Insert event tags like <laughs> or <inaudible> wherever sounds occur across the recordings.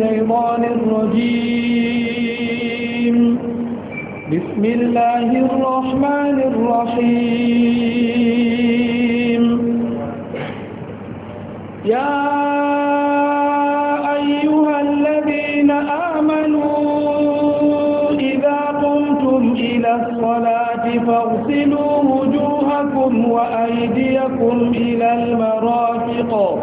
الشيطان الرجيم بسم الله الرحمن الرحيم يا أيها الذين آمنوا إذا قمتم إلى الصلاة فاغسلوا وجوهكم وأيديكم إلى المرافق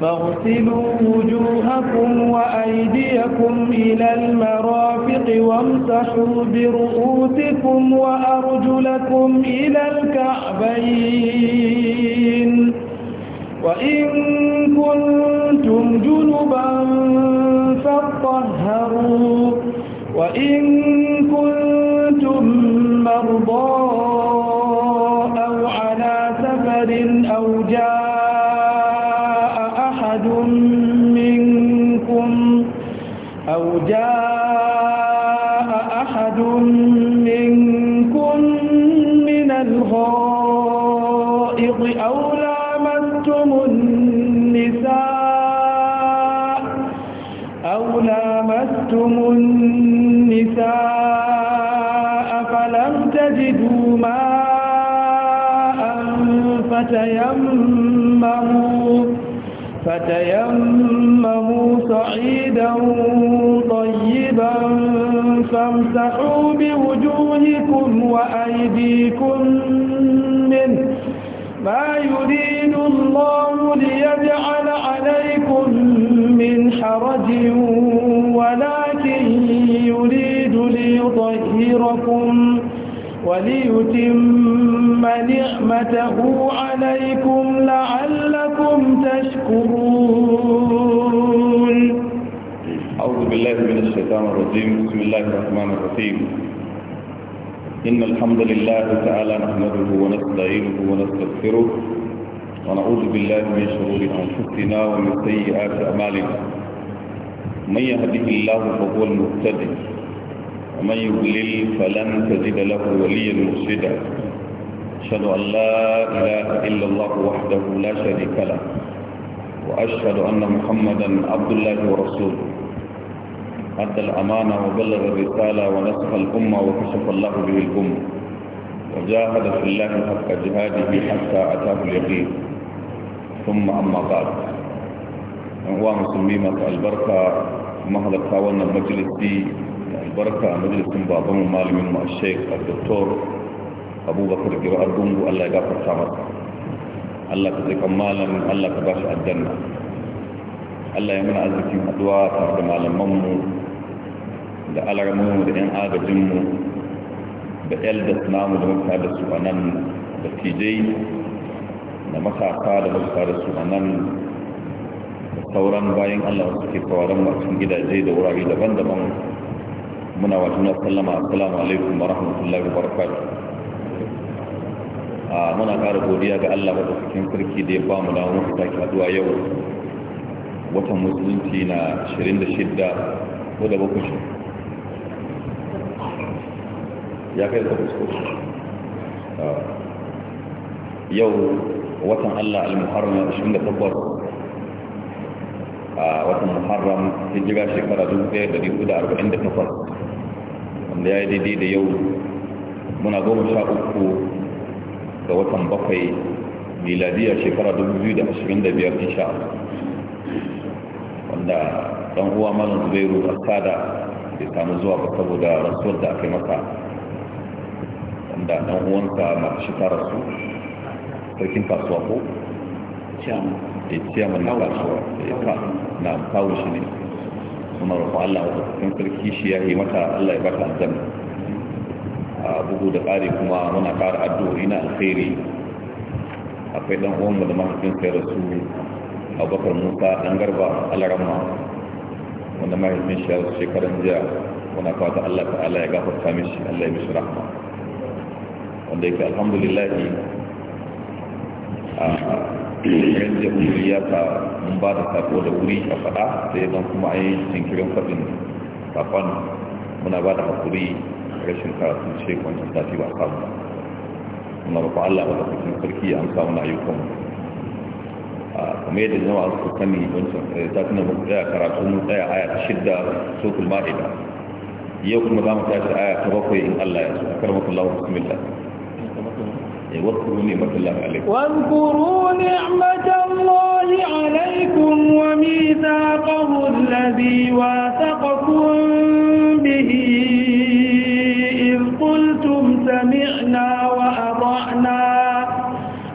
فاغسلوا وجوهكم وأيديكم إلى المرافق وامسحوا برؤوسكم وأرجلكم إلى الكعبين وإن كنتم جنبا فاطهروا وإن كنتم مرضى فتيمموا فتيمموا صعيدا طيبا فامسحوا بوجوهكم وأيديكم منه ما يريد الله ليجعل عليكم من حرج ولكن يريد ليطهركم وليتم ثم نعمته عليكم لعلكم تشكرون أعوذ بالله من الشيطان الرجيم بسم الله الرحمن الرحيم إن الحمد لله تعالى نحمده ونستعينه ونستغفره ونعوذ بالله من شرور أنفسنا ومن سيئات أعمالنا من يهده الله فهو المهتدي ومن يضلل فلن تجد له وليا مرشدا أشهد أن لا إله إلا الله وحده لا شريك له وأشهد أن محمدا عبد الله ورسوله أدى الأمانة وبلغ الرسالة ونصح الأمة وكشف الله به الأمة وجاهد في الله حق جهاده حتى أتاه اليقين ثم أما بعد هو مسلمين البركة مهلكة المجلس دي البركة مجلس بابا مالي من الشيخ الدكتور abubakar giro ardungu allah ya gafarta masa allah ka zikan malam allah ka ba shi aljanna allah ya muna arzikin haduwa tare da malamanmu da alarmanmu da 'yan agajinmu da eldas namu da muka da su a nan da tijai da matasa da muka da su a nan da sauran bayan allah wasu ke kawaran masu gidaje da wurare daban-daban muna wajen na sallama assalamu alaikum wa rahmatullahi wa barakatuh muna ƙara godiya ga Allah madaukakin sarki da ya ba mu dawo muka sake haduwa yau watan musulunci na 26 ko da bakwai shi ya kai da fusko yau watan Allah al-Muharram na 28 a watan Muharram hijira shekara 1448 wanda ya yi daidai da yau muna goma sha uku ga watan bakwai miladiyar shekara 2025 insha wanda dan uwa malam zubairu asada da samu zuwa ba saboda rasuwar da aka yi wanda dan uwansa masu shi su sarkin kasuwa ko ya ciyar mai na kasuwa ya eh, ka na kawo shi ne kuma rufu Allah wa sarki shi ya yi mata Allah ya bata aljanna a bugu da ƙari kuma muna ƙara addu'o'i na alkhairi akwai ɗan uwanmu da mahaifin sai rasu abubakar musa ɗan garba alarama wanda mahaifin shi yau shekaran jiya muna fata allah ta'ala ya gafarta mishi allah ya mishi rahma wanda yake alhamdulillahi a yanzu ya kuma ya ta mun ba da sako da wuri a faɗa sai zan kuma a yi jinkirin faɗin kafan muna ba da haƙuri rashin karatun shek wancan sati ba samu ba muna roƙo Allah ba da kusurin sarki ya amsa wani ayyukan mu a kuma yadda jama'a su sani wancan ta tuna mun tsaya karatun mun tsaya aya ta shidda sokul ma'ida yau kuma za mu tashi aya ta bakwai in Allah ya so akarmakallahu bismillah واذكروا نعمة الله عليكم واذكروا نعمة الله عليكم وميثاقه الذي واثقكم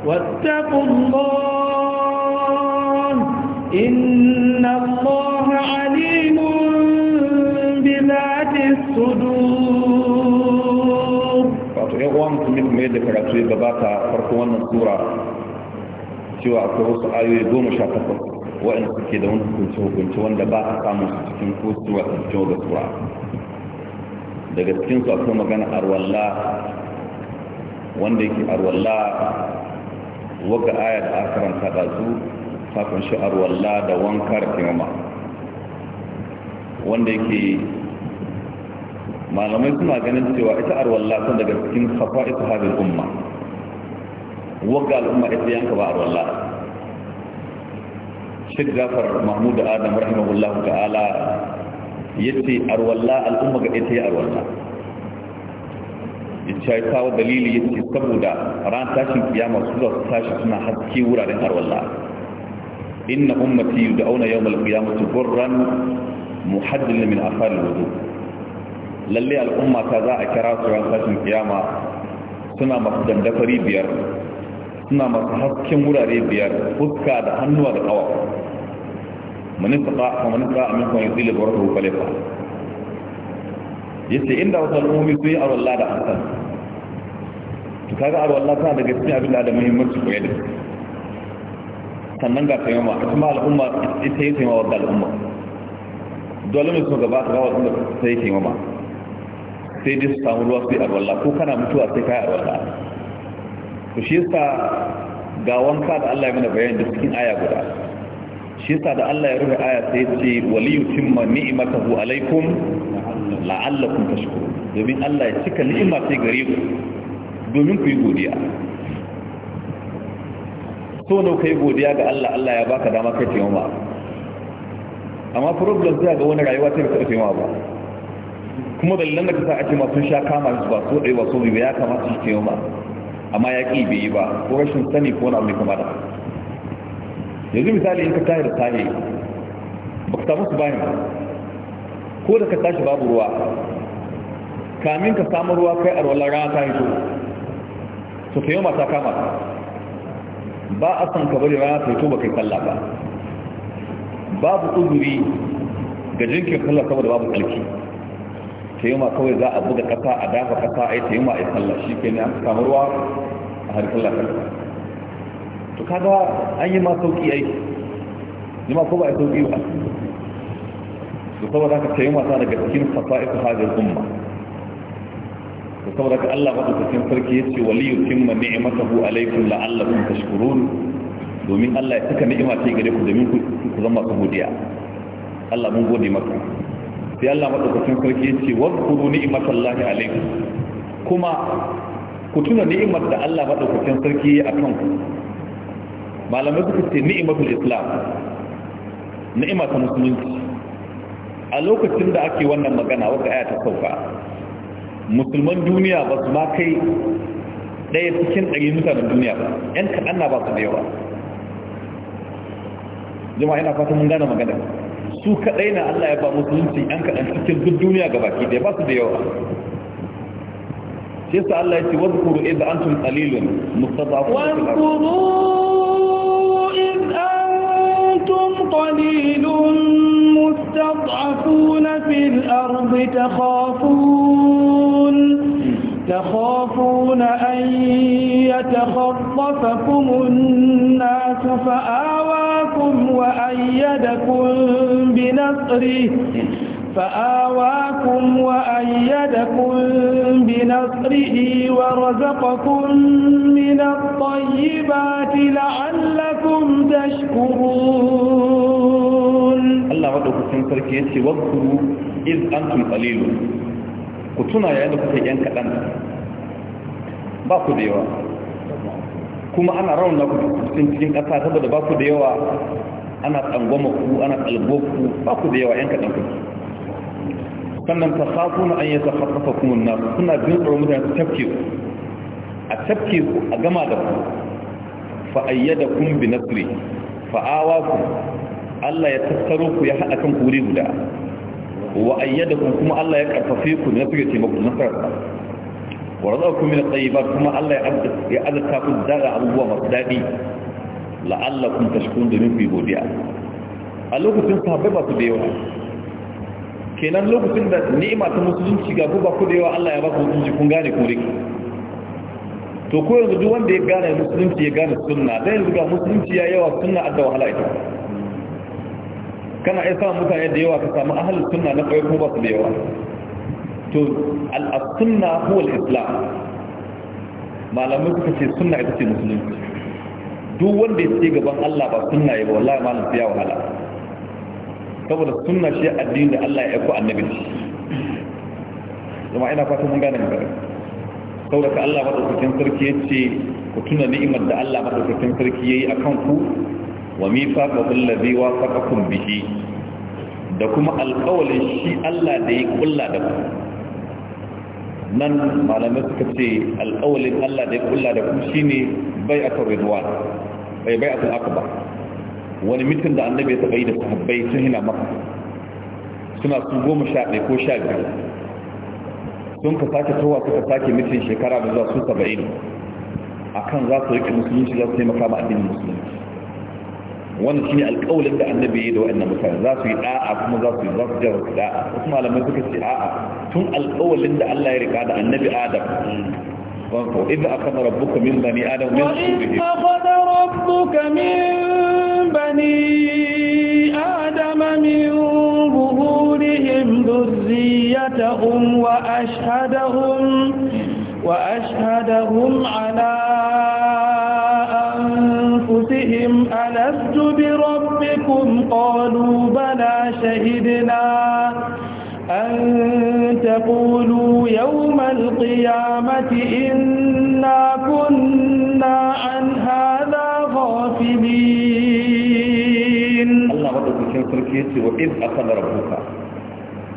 واتقوا الله إن الله عليم بذات الصدور wato ‘yan uwa mutum kuma yadda karatu ya gabata farkon wannan tura cewa akwai wasu ayoyi goma sha takwas waɗanda suke da wani hukunci hukunci wanda ba a samun su cikin ko daga cikin su akwai magana arwalla wanda yake arwalla waka aya da aka karanta da su ta kunshi arwalla da wankar kimama wanda yake malamai suna ganin cewa ita arwalla sun daga cikin hafa'is hadin umma wagga al'umma ita yanka ba arwalla Sheikh Jafar Mahmud Adam rahimahullahu ta'ala yace arwalla al'umma ga ita ya arwalla shi ya kawo dalili ya ce saboda ran tashin kiyama su za su tashi suna haske wuraren harwalla inna ummati yud'auna yawmal qiyamati burran muhaddil min afal wudu lalle al'umma ta za a kira su ran tashin kiyama suna masu dandafari biyar suna masu hasken wurare biyar fuska da hannuwa da kawa manin sa'a kuma manin sa'a min kuma yuzili barkahu falefa yace inda wasu al'ummi sun yi aron da an to kaga wallahi ta daga cikin abin da da muhimmanci koyar da sannan ga taimama a kuma al'umma ita yi taimama ga al'umma dole ne su gabata ga wasu da ta yi taimama sai dai su samu ruwa su yi wallahi ko kana mutuwa sai kayi wallahi to shi yasa ga wanka da Allah ya mana bayani da cikin aya guda shi yasa da Allah ya rufe aya sai ya ce waliyutimma ni'matahu alaikum la'allakum tashkurun domin Allah ya cika ni'ima sai gare ku domin ku yi godiya so ne ka yi godiya ga Allah Allah ya baka dama kai taimama amma problem zai ga wani rayuwa ta bisa taimama ba kuma dalilan da ka sa a ce masu sha kama su ba so ɗaya ba so biyu ya kamata su taimama amma ya ƙi bai yi ba ko rashin sani ko na abu ne yanzu misali in ka tahi da tahi ba ka samu su bayan ba ko da ka tashi babu ruwa kamin ka samu ruwa kai a rolar rana ta hito to ta yoma ta kama ba a san ka bari rana ta yi to ba kai sallah ba babu uzuri ga jinkin sallah saboda babu tsarki ta yoma kawai za a buga kasa a dafa kasa a yi ta yoma a yi sallah shi ke ne an samu ruwa a har sallah to kaga an yi ma sauki aiki yi ma ko ba a yi sauki ba to saboda haka ta yoma ta daga cikin fasa'isu hajjar umma to saboda ka Allah madaukakin sarki yace waliyu kimma ni'matahu alaikum la'allakum tashkurun domin Allah ya saka ni'ima ta gare ku domin ku zama masu godiya Allah mun gode maka sai Allah madaukakin sarki yace wadkuru ni'matallahi alaikum kuma ku tuna ni'imar da Allah madaukakin sarki ya akan ku malamai suka ce ni'imatul islam ni'ima ta musulunci a lokacin da ake wannan magana wata aya ta sauka musulman duniya ba su ma kai ɗaya cikin ɗari mutanen duniya ba ‘yan kaɗan na ba su da yawa jama'a yana fatan mun gane magana su kaɗai na Allah ya ba musulunci ‘yan kaɗan cikin duk duniya ga baki ɗaya ba su da yawa shi yasa Allah ya ce wasu kuru idan an tun tsalilin mustafa أنتم قليل مستضعفون في الأرض تخافون تخافون أن يتخطفكم الناس فآواكم وأيدكم بنصره فآواكم وأيدكم بنصره ورزقكم من الطيبات لعلكم تشكرون الله عدوك سنسرك يسي واذكروا إذ أنتم قليلون ku tuna yayin da kuka yan kaɗan ba ku da yawa kuma ana rauna ku cikin cikin ƙasa saboda ba ku da yawa ana tsangwama ku ana tsalgo ku ba ku da yawa yan kaɗan ku sannan ta safu na an yi ta farfafa kuma na suna jin tsoron mutane su tafke ku a tafke ku a gama da ku fa'ayyada kun bi nasiri fa'awa ku Allah ya tattaro ku ya haɗa kan kuri guda wa ayyadakum kuma Allah ya karfafe ku ne suke taimako na sarrafa wa razaqakum min at-tayyibat kuma Allah ya azurta ku daga abubuwa masu dadi la'allakum tashkurun domin ku godiya a lokacin sahabbai ba su da yawa kenan lokacin da ni'ima ta musulunci ga ku ba ku da yawa Allah ya ba ku musulunci kun gane ku riki to ko yanzu duk wanda ya gane musulunci ya gane sunna dan yanzu ga musulunci ya yawa sunna adda wahala ita kana iya samun mutane da yawa ka samu ahalin sunna na kai kuma ba su da yawa to sunna huwa islam malamai suka ce sunna ita ce musulunci duk wanda ya ce gaban Allah ba sunna ya ba wallahi malam ya wahala saboda sunna shi addini da Allah ya aiko annabi kuma ina fatan mun gane magana saboda ka Allah madaukakin sarki yace ku tuna ni'imar da Allah madaukakin sarki yayi akan ku wa mifaqahu allazi wafaqakum bihi da kuma alƙawalin shi Allah da ya kulla da ku nan malamai suka ce alƙawalin Allah da ya kulla da ku shi ne shine bai'atul ridwan bai eh, bai bai'atul ba. wani mitin da annabi ya saba yi da sahabbai sun hina maka suna su goma sha ɗaya ko sha biyu sun ka sake towa suka sake mitin shekara da zuwa su saba'in A kan za su riƙe musulunci za su taimaka ma addinin musulunci wannan shine alƙawalin da annabi ya yi da wa'annan mutane za su yi da'a kuma za su yi za su jara su da'a wasu malamai suka ce a'a tun alƙawalin da Allah ya rika da annabi Adam wanko idza akhadha rabbuka min bani adam min kulli akhadha rabbuka min bani adam min zuhurihim dhurriyyatahum wa ashhadahum wa ashhadahum ala بهم ألست بربكم قالوا بلى شهدنا أن تقولوا يوم القيامة إنا كنا عن هذا غافلين الله ربك كيف تركيتي وإذ أخذ ربك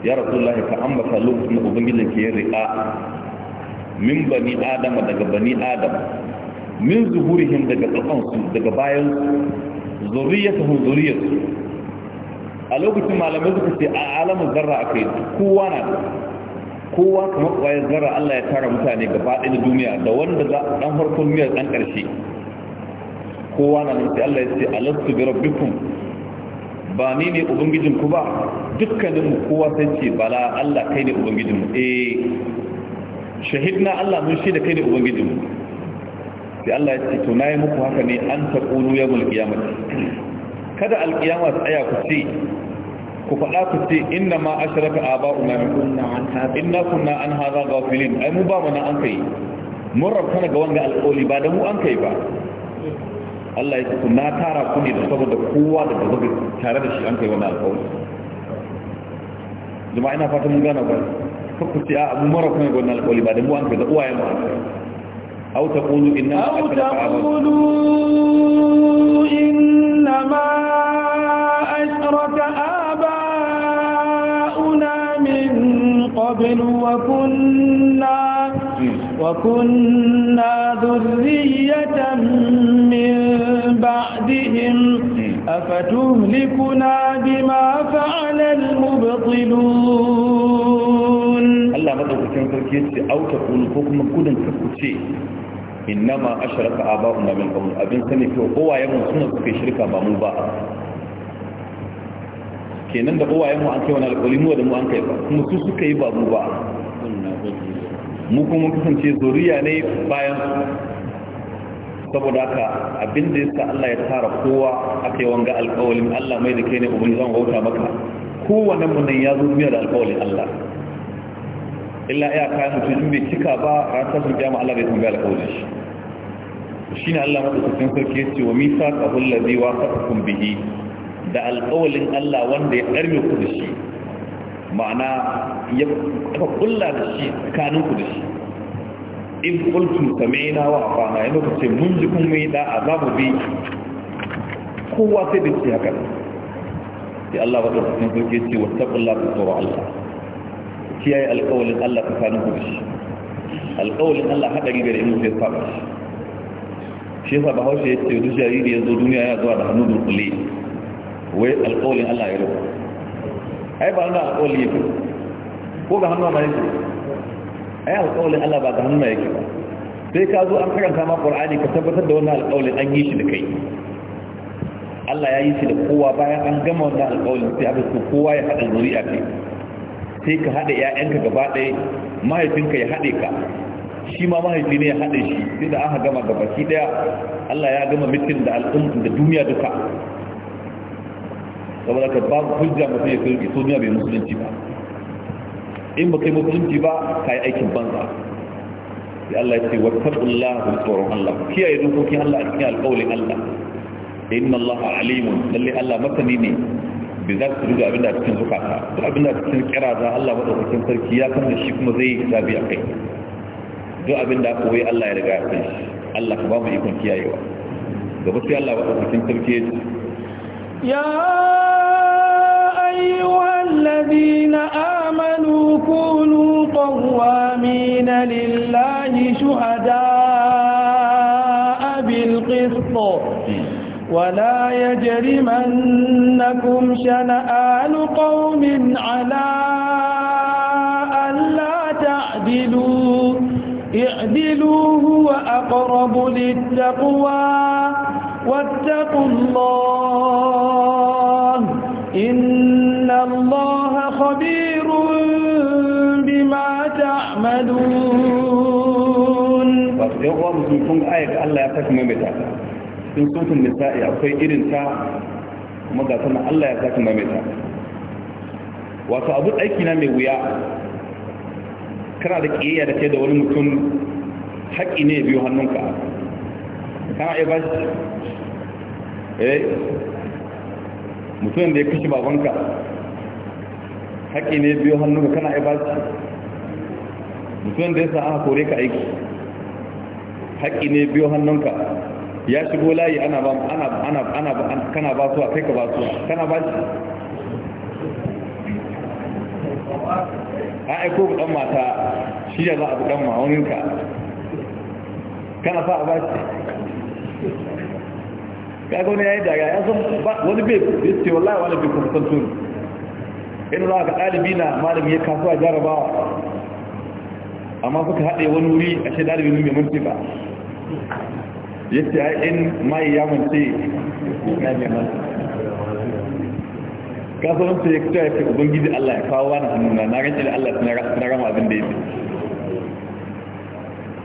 ya rasulullahi ka ambata lokacin da ubangijin ke yin ri'a min bani adam daga bani adam min zuhurihim daga kafansu daga bayan zuriyatuhum zuriyatu a lokacin malamai suka ce a alamun zarra akai kowa na kowa kamar kwayar zarra Allah ya tara mutane gaba ɗaya na duniya da wanda za ɗan harkar miyar ɗan ƙarshe kowa na nan sai Allah ya ce alastu bi rabbikum ba ni ne ubangijinku ba dukkanin mu kowa sai ce bala Allah kai ne ubangijin mu eh shahidna Allah mun shi da kai ne ubangijin mu sai Allah ya ce to nayi muku haka ne an taqulu ya qiyamah kada alqiyama tsaya ku ce ku faɗa ku ce inna ma ashraka aba'una inna kunna an hadha ghafilin ai mu ba mu nan an kai mun rabta ga wanga alƙoli ba da mu an kai ba Allah ya ce na tara ku ne saboda kowa da gaba tare da shi an kai wannan alƙoli jama'a ina fata mun gana ba ku ce a mun mara kuma ga wannan alƙoli ba da mu an kai da uwayen mu an kai أو تقولوا إنما أو تقولوا إنما أشرك آباؤنا من قبل وكنا وكنا ذرية من بعدهم أفتهلكنا بما فعل المبطلون Allah madaukakin sarki ya أو تقول فوق ko kuma gudun kakkuce innama ashraka aba'una min qabl abin sani ko kowaye mu suna suke shirka ba mu ba kenan da kowaye mu an kai wani alƙali mu da mu an kai ba kuma su suka yi ba mu ba mu kuma kasance zuriya ne bayan saboda haka abin da yasa Allah ya tara kowa aka yi wanga alƙawarin Allah mai da kai ne ubangiji zan wauta maka kowanne mu nan ya zo duniya da alƙawarin Allah illa iya kayan mutum in bai cika ba a ranar tashin kiyama Allah bai tambaya alƙawalin shi shine Allah madaukakin sarki ce wa Misa mithaqahu allazi waqa'akum bihi da alƙawalin Allah wanda ya ɗarme ku da shi ma'ana ya aka kulla da shi tsakanin ku da shi in qultum sami'na wa ata'na yana kace mun ji kun mai da azabu bi kowa sai da shi haka sai Allah madaukakin sarki ce yace wattaqullaha tsoro Allah kiyaye alƙawalin Allah tsakanin ku da shi alƙawalin Allah haɗari gare mu sai saba shi shi yasa bahaushe ya ce duk jariri ya zo duniya ya zuwa da hannu dunkule wai alƙawarin allah ya rufe ai ba na alƙawali yake ko ga hannu ma yake ai alƙawarin allah ba ga hannu yake ba sai ka zo an karanta ma qur'ani ka tabbatar da wannan alƙawarin an yi shi da kai Allah ya yi shi da kowa bayan an gama wannan alƙawarin sai aka so kowa ya haɗa zuri'a kai sai ka haɗa 'ya'yanka gaba ɗaya mahaifinka ya haɗe ka shi ma mahaifi ne ya haɗe shi duk da aka gama gabaki daya Allah ya gama mitin da al'ummar da duniya duka saboda ka babu hujja mutum ya kai so duniya bai musulunci ba in ba kai musulunci ba ka yi aikin banza sai Allah ya ce wa taqullah wa tsoron Allah kiyaye dokokin Allah a cikin alƙawlin Allah inna Allah alimun lalle Allah masani ne bi za su duba abinda cikin zukata duk abinda cikin kira za Allah madaukakin sarki ya san shi kuma zai zabi a kai duk abin da koyi Allah ya riga ya san Allah ka ba mu ikon kiyayewa gaba sai Allah ba sun sarki ya ya ayyuhal ladina amanu kunu qawamin lillahi shuhada bil qist ولا يجرمنكم شنآن قوم على ألا تعدلون اعدلوا هو أقرب للتقوى واتقوا الله إن الله خبير بما تعملون وأخذوا مسلمون آية الله يفتح ممتا إن صوت النساء أخي إرن تا ماذا سنة الله يفتح ممتا وأخذوا أيكنا من وياه kana da kiyayya da kai da wani mutum haƙi ne biyu hannunka kana iya bashi eh mutum da ya kashe babanka haƙi ne biyu hannunka kana iya bashi mutum da ya sa aka kore ka aiki haƙi ne biyu hannunka ya shigo layi ana ba ana ana ana kana ba su kai ka ba su kana ba shi a aiko ga dan mata shi da za a buɗan ma'auninka kana sa a ba shi ka gauna ya yi daga ya san wani bai ya ce wallahi wani bai kusan tun ina za ka ɗalibi na malami ya kasuwa jarabawa amma suka haɗe wani wuri a shi ɗalibi ne mai mulki ba ya ce in mai ya mance na mai mulki ka san sai ya kuta ya ce ubangiji Allah ya kawo wani hannuna na rance da Allah na rama abin da ya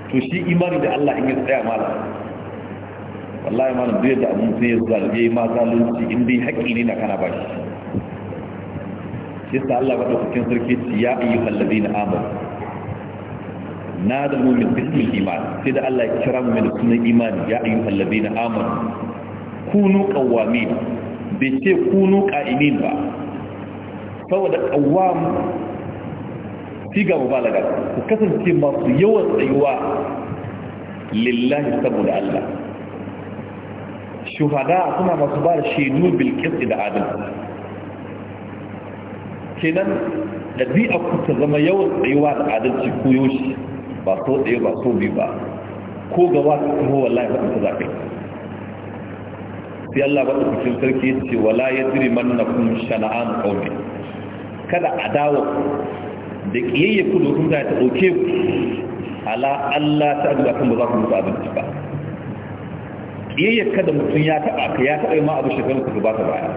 fi to shi imani da Allah in ya tsaya malam wallahi malam duk da abin sai ya zalge ma zalunci in dai haƙƙi ne na kana ba shi shi sa Allah ba cikin sarki ce ya na Na ayyukan ladina amanu نادى المؤمن باسم الإيمان سيدة الله يكرم sunan imani ya ayi أيها na amur kunu قوامين bai ce kunu ƙa'imin ba saboda ƙawam ga mubalaga ku kasance masu yawan tsayuwa lillahi saboda Allah shuhada suna masu ba da shaidu bilkis da adal kenan ɗabi'a ku ta zama yawan tsayuwa da adalci ko yoshi ba so tsaye ba so biyu ba ko gaba ta taho wallahi ba ta zaɓe sai Allah ba dukkan sarki ya ce wala yadri mannakum shana'an qawmi kada adawa da kiyayye ku don da ta dauke ku ala Allah ta ga akan ba za ku mutu abinci ba kiyayye kada mutum ya taba ka ya taba ma abu shekaru ku ba ta baya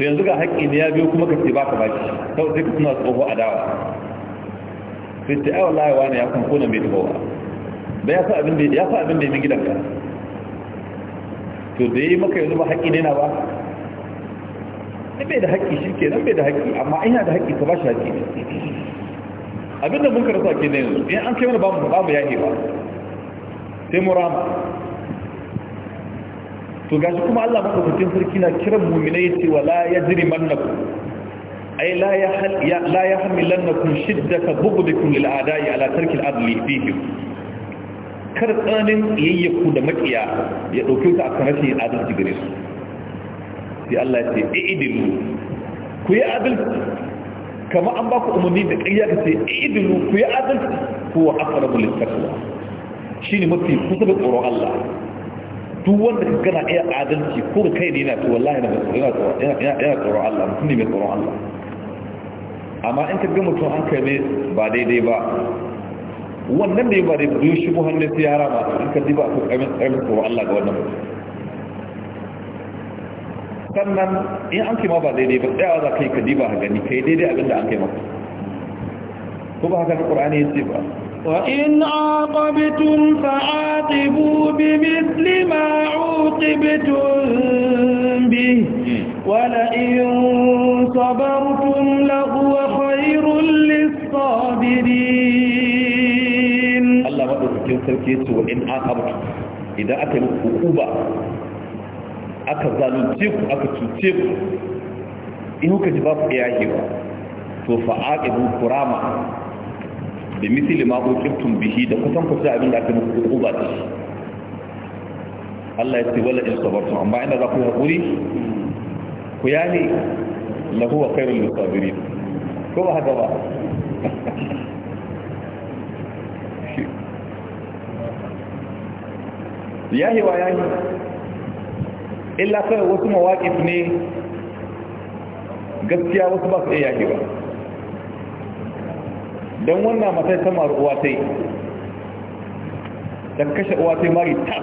to yanzu ga haƙƙi ne ya biyo kuma ka ce ba ka baki sau sai ka suna tsoho adawa sai ce wallahi wani ya kan kona mai tabawa ba ya sa abin da ya sa abin da ya min gidanka to da yi maka yanzu ba haƙƙi ne na ba ne bai da haƙƙi shi ke nan bai da haƙƙi amma ina da haƙƙi ka ba shi haƙƙi abin da mun karasa ke ne yanzu in an kai mana ba mu ba yaƙi ba sai mu rama to gashi kuma Allah madaukakin sarki na kiran mu'minai cewa la ya jiri yajrimannakum Ai la ya hamilan yahal la yahmilannakum bugu da lil a'da'i ala tarki al-adli fihim kar tsanin yayyaku da makiya ya ɗauke ku a rashin adalci gare su sai Allah ya ce idilu ku yi adalci kama an ba ku umarni da ƙarya ka ce idilu ku yi adalci ko wa aqrabu lit-taqwa ne mafi kusa da tsoron Allah duk wanda ka gana iya adalci ko ka kai ne yana to wallahi yana tsoron Allah mutum ne mai tsoron Allah amma in ka ga mutum an kai ba daidai ba wannan ne ba da yi shi buhan ne sai yara ba in ka diba ko kamin tsarin ko Allah ga wannan sannan in an kima ba daidai ba tsayawa za ka yi ka diba ha gani yi daidai abin da an kai maka ko ba haka ƙura'ani ya ce ba وإن عاقبتم فعاقبوا بمثل ما عوقبتم به ولئن صبرتم لغفر sarki yace wa in aqabtu idan aka yi hukuma aka zalunce ku aka cuce ku in kuka ji ba ku iyaye ba to fa aqibu kurama bi misli ma uqibtum bihi da kusan kusa abin da aka yi hukuma da shi Allah ya ce wala in sabartum amma inda za ku yi hakuri ku yani lahu wa khairul musabirin ko ba haka ba <laughs> yahi wa yahi illa kai wasu mawaƙif ne gaskiya wasu ba su iya yahi ba don wannan matai ta uwatai, uwa ta kashe uwa mari ta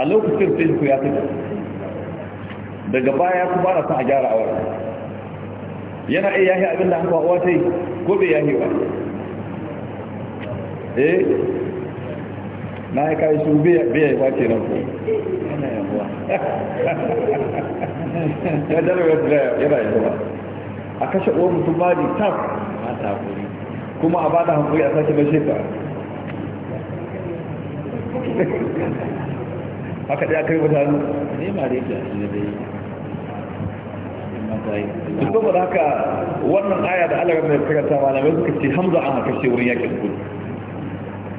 a lokacin sai ku ya fito daga baya ku ba sa son a gyara a wani yana iya yahi abinda an kwa uwa ko bai yahi ba eh na ya kai su biya ya ke nan ko <laughs> ya dalawa ya rayu ba a kashe uwar mutum ba ne taf kuma a bada hankali a sake bashe ta haka dai kai yi hannu ne ma da yake da yi duk da haka wannan aya da Allah ya karanta mai suka ce hamza an haka shi wurin yakin kudu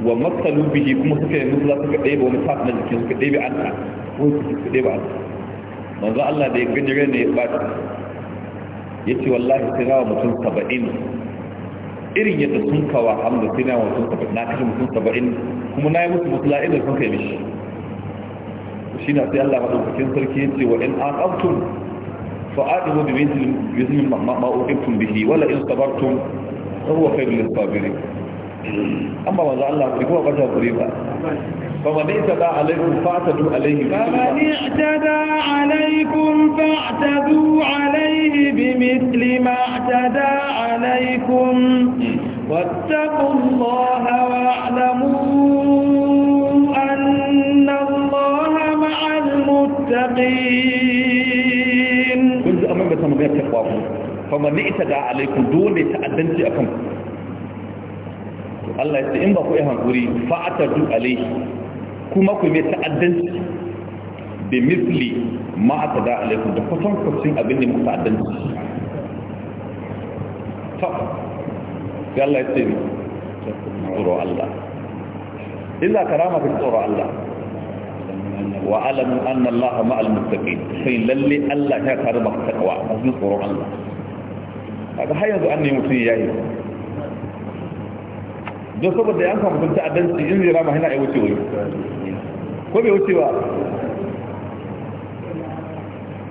wa matsalu bihi kuma suka yi musu suka ɗebe wani fat na jikin suka ɗebe an ta wani su suka ɗebe an manzo Allah da ya gani rai ne ya ɓata ya ce wallahi sai na wa mutum saba'in irin yadda sun kawa hamdu sai nawa mutum saba'in na kashe mutum saba'in kuma na yi musu musula inda sun kai mishi shi na sai Allah maɗaukakin sarki ya ce wa in aqabtum fa aqibu bi mithli ma'uqibtum bihi wala in sabartum fa huwa khairul lisabirin أما ba manzo Allah kuri kuma barka kuri ba فمن اعتدى عليكم فاعتدوا عليه فمن اعتدى عليكم فاعتدوا عليه بمثل ما اعتدى عليكم واتقوا الله واعلموا أن الله مع المتقين كنت أمام بتمغير تقواكم فمن اعتدى عليكم دون يتعدنتي أكمكم Allah ya ce in ba ku yi hankuri fa'atadu alaihi kuma ku mai ta'addanci bi misli ma aka da alaikum da kusan kwacin abin da muka ta'addanci ta ga Allah ya ce ni tsoro Allah illa karama ka tsoro Allah wa alamu anna Allah al muttaqin sai lalle Allah ya karba takwa masu tsoron Allah kaga har yanzu an ne mutum yayi don saboda yan samu sun ta'addanci in zira ma yana ai wuce wuri ko bai wuce ba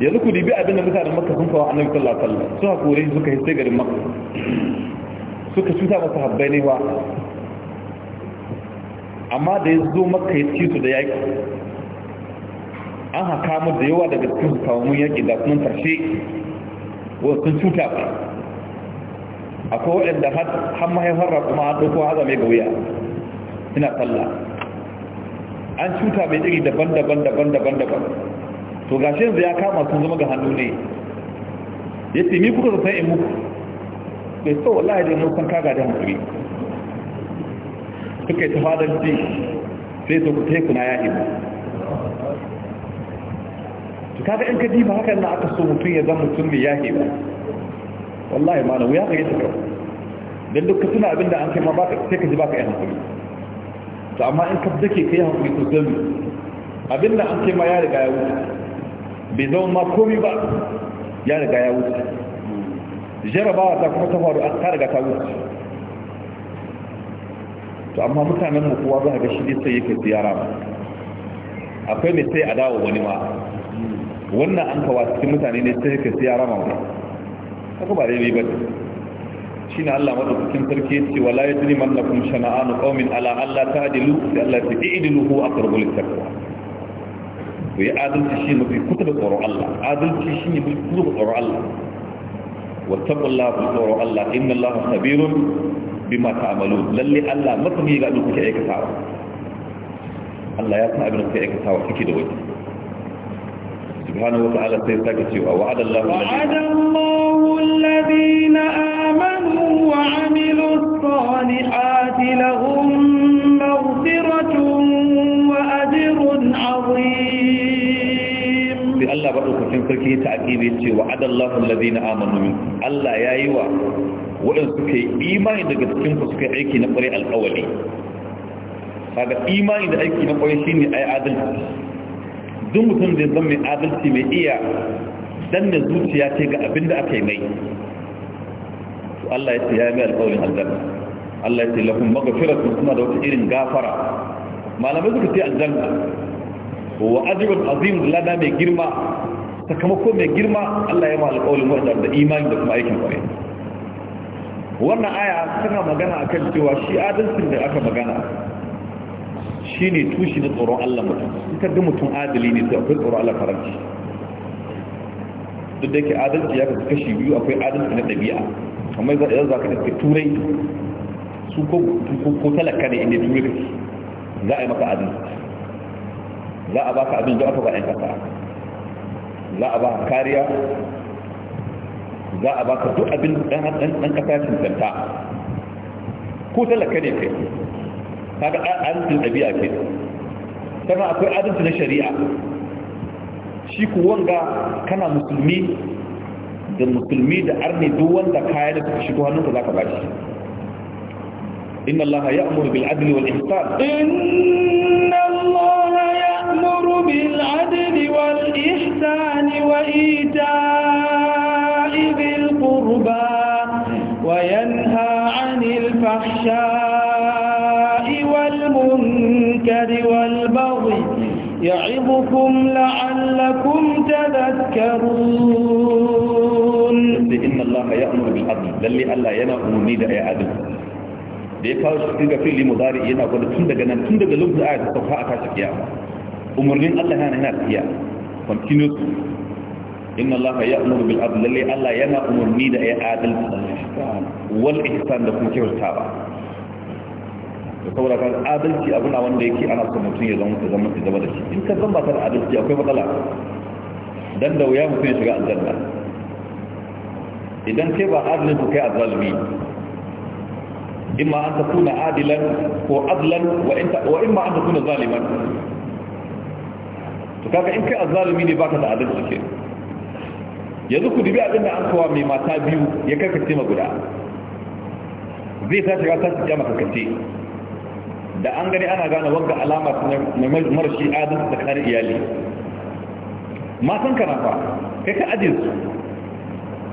yanzu ku dibi abin da mutanen makka sun kawo annabi sallallahu alaihi wasallam suka kore shi suka hisse garin makka suka cuta masa habbai ne ba amma da ya zo makka ya ci su da yaki an haka mu da yawa daga cikin kawo mun yaƙi da sun karshe wa sun cuta ba akwai waɗanda har mahaifar kuma an ɗauko haza mai gauya ina sallah an cuta mai iri daban-daban daban-daban daban to gashi yanzu ya kama sun zama ga hannu ne ya ce mi kuka san in muku bai so wallahi da mun san kaga da hankali suka yi ta ji sai su ku teku na yaƙi ba to kaga in ka ba hakan na aka so mutum ya zama mutum mai yaƙi ba wallahi ma na wuya ka yi ta kawo don duk ka abin da an kai ma baka sai ka ji baka yi hankali to amma in ka dake ka yi hankali to zami abin da an kai ma ya riga ya wuce bai zama ma komi ba ya riga ya wuce jarabawa ta kuma ta faru an ta riga ta wuce to amma mutanen mu kowa za ka ga shi ne sai yake ziyara ba akwai mai sai a dawo wani ma wannan an kawo cikin mutane ne sai yake ziyara ma wani haka ba daidai ba shi ne Allah madaukakin sarki ya ce wala yajri man lakum shana'anu qaumin ala Allah alla ta'dilu sai Allah ya ce i'dilu huwa aqrabu lit-taqwa to ya adalci shi ne mafi kusa da tsoro Allah adalci shi ne mafi kusa da tsoro Allah wattaqu Allah bi tsoron Allah inna Allah khabirun bima ta'malun lalle Allah masani ga duk kuke aikatawa Allah ya san abin da kuke aikatawa kike da wani subhanahu wa ta'ala sai sake cewa wa'ada Allahu wa'ada Allahu alladhina amanu wa 'amilus salihati lahum maghfiratun wa ajrun 'azim bi Allah ba dokokin sarki ta akibi ce wa'ada Allahu alladhina amanu Allah yayi wa waɗanda suka imani daga cikin ku aiki na ƙwarai alƙawali da aiki na shine adalci duk mutum zai zama mai adalci mai iya danna zuciya ce ga abin da aka yi mai Allah ya ce ya yi mai alƙawarin aljanna Allah ya ce lafin magafiratu suna da wata irin gafara malamai suka ce aljanna wa ajibin azim lada mai girma sakamako mai girma Allah ya yi ma alƙawarin wajen da imani da kuma aikin kwarai wannan aya tana magana akan cewa shi adalcin da aka magana shi ne tushi na tsoron Allah mutum in ka ga mutum adali ne sai akwai tsoron Allah faranci duk da yake adalci ya kasu kashi biyu akwai adalci na ɗabi'a amma yanzu za ka ɗauki turai su ko talaka ne inda turai kake za a yi maka adalci za a baka abin da aka ba 'yan kasa za a baka kariya za a baka duk abin ɗan kasa ya cancanta ko talaka ne kai kaga adalcin ɗabi'a ke sannan akwai adalci na shari'a shi ku wanga kana musulmi da musulmi da arne duk wanda kaya da suka shigo hannunka zaka bashi inna allaha ya'muru bil adli wal ihsan inna allaha ya'muru bil adli wal ihsan wa ita'i bil qurba wa yanha 'anil fahsha'i يعظكم لعلكم تذكرون إن الله يأمر بالعدل للي ألا ينأمر نيدا يا عدل da ya kawo shi ga fili mudari yana gwada tun daga nan tun ta sauka a tashi kiyama umarnin Allah yana yana tafiya continuous inna Allah ya amuru bil lalle Allah umarni da ya adal da kuma kyautatawa da saboda kan adalci abu na wanda yake ana son mutum ya zama zama su zama da shi in ka zama ta adalci akwai matsala dan da wuya mutum ya shiga aljanna idan kai ba adalin ku kai azalimi imma an takuna adilan ko adlan wa in wa imma an takuna zaliman to kaga in kai azalimi ne baka da adalci ke yanzu ku dubi abin da an kawo mai mata biyu ya karkace ma guda zai ta shiga ta shiga makakace da an gani ana gane wanga alama na marashi adalci kare iyali matan kana fa kai ka ajin su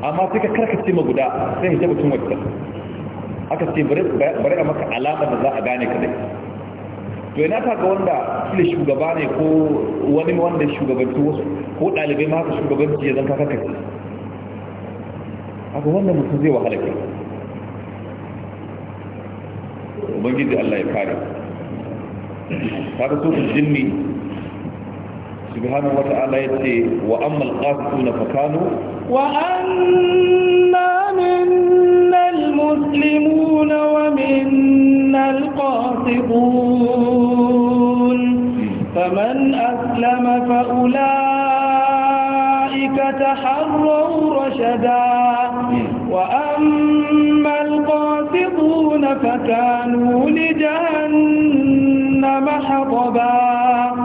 amma sai ka karkace ma guda sai hijabu tun wata aka ce bari a maka alama da za a gane ka dai to yana ta ga wanda kila shugaba ne ko wani wanda shugabanci wasu ko ɗalibai ma haka shugabanci ya zan ka karkace haka wannan mutum zai wahala kai ubangiji Allah ya kare kada su jinni subhanahu wata'ala yace wa ammal qasituna fakanu wa anna minna almuslimuna wa minna alqasitun faman aslama fa ulaika taharraw rashada فكانوا لجهنم حطبا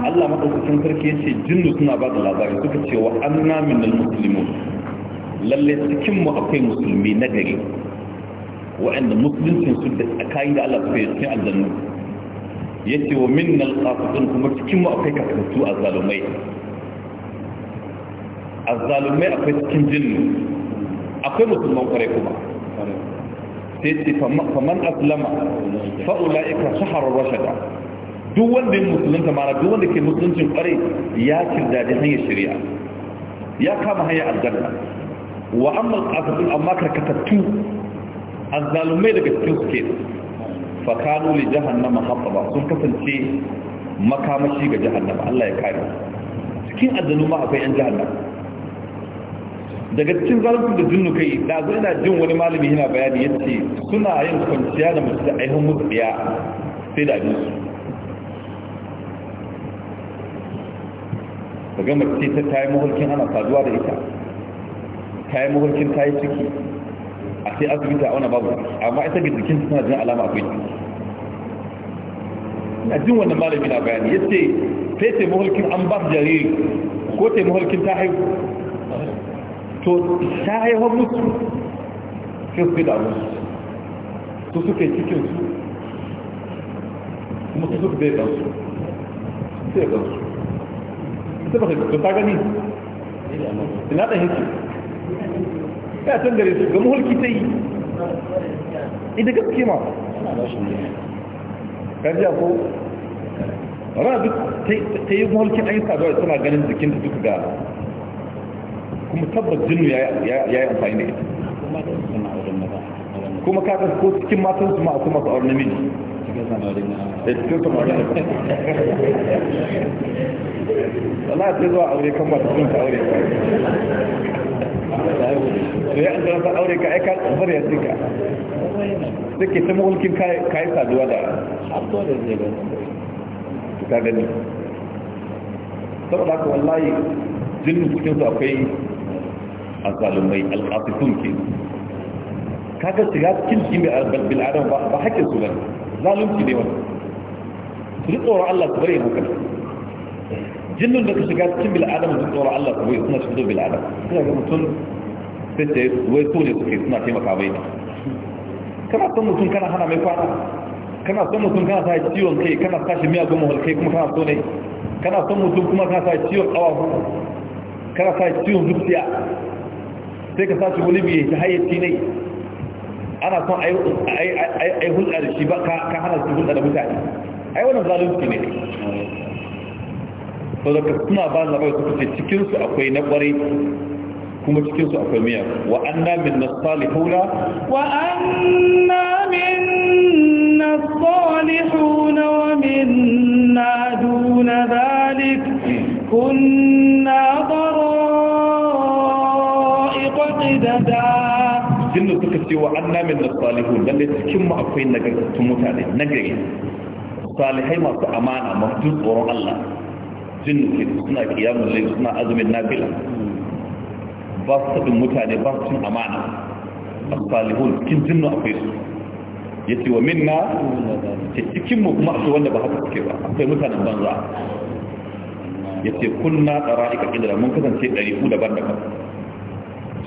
الله ما تسكن تركي شيء جن سنا بعد العذاب suka ce wa anna min almuslimun lalle cikin akwai musulmi na gari wa'anda musuluncin su da tsakani da Allah sai cikin aljanna yace wa minna alqasitun kuma cikin mu akwai kafantu akwai cikin akwai musulman kwarai kuma sai ce faman aslama fa'ula'ika shahar rashada duk wanda ya musulunta mara duk wanda ke musuluncin kware ya kirdaji hanyar shari'a ya kama hanyar aljanna wa amma al'asafin amma karkatattu azzalumai daga cikin suke fa kanu li jahannama haɓɓa sun kasance makamashi ga jahannama Allah ya kare cikin azzaluma akwai yan jahannama daga cikin zarafin da jinnu kai da zai na jin wani malami yana bayani ya ce suna yin kwanciya da mace da aihun musu ɗaya sai da abinsu daga mace ta tayi mahulkin ana saduwa da ita tayi mahulkin tayi ciki a sai asibiti a wani babu amma ita ga jikin suna jin alama akwai ciki na jin wannan malami na bayani ya ce sai taimahulkin an ba jariri ko taimahulkin ta haihu to ta haifar musu sai su suke cikin kuma su suka bai gansu sai ta gani ina ɗan hinsu ya can gare su ga mulki ta yi ita gaske ma kaji ko rana duk ta yi mulkin ayyuka zuwa suna ganin jikin duka ga kuma tabbas jinnu ya yi amfani da ita kuma ka san ko cikin matan su ma kuma sa'ar namiji da eh, cikin samarin da Allah ta zuwa aure kan ba ta cikin aure da ya an zama aure ka aika kamar ya tsika ke ta mahulkin kayi saduwa da ta gani saboda haka wallahi jinnu cikinsu akwai azalumai alƙasifun ke kaga shiga cikin kimi a bil'adam ba haƙƙin su bane zalunci ne wani su ji tsoron Allah su bari haka jinnun da ka shiga cikin bil'adam su tsoron Allah su bari suna shigo bil'adam suna ga mutum sai ce wai so ne suke suna taimaka bai kana son mutum kana hana mai kwana kana son mutum kana sa ciwon kai kana sa shi miyagun mahalkai kuma kana so ne kana son mutum kuma kana sa ciwon ƙawafu kana sa ciwon zuciya sai ka sace wani mai ta hayyaci ne ana son a yi hulɗa da shi ba ka hana su hulɗa da mutane ai wannan zalunci ne sau da suna ba zaɓar su ce cikinsu akwai na ƙwarai kuma cikinsu akwai miya wa an na min na tsali hula wa an min na wa min duna zalik kunna tsaro gidada jinnu suka ce wa an namin da salihu lalle cikin mu akwai nagartattun mutane na gari salihai masu amana masu tsoron Allah jinnu ke suna kiyamun lai suna azumin nafila ba su taɓin mutane ba su cin amana a salihun cikin jinnu akwai su ya ce wa minna ce cikinmu kuma akwai wanda ba haka suke ba akwai mutanen banza ya ce kunna tsara ika mun kasance ɗari daban-daban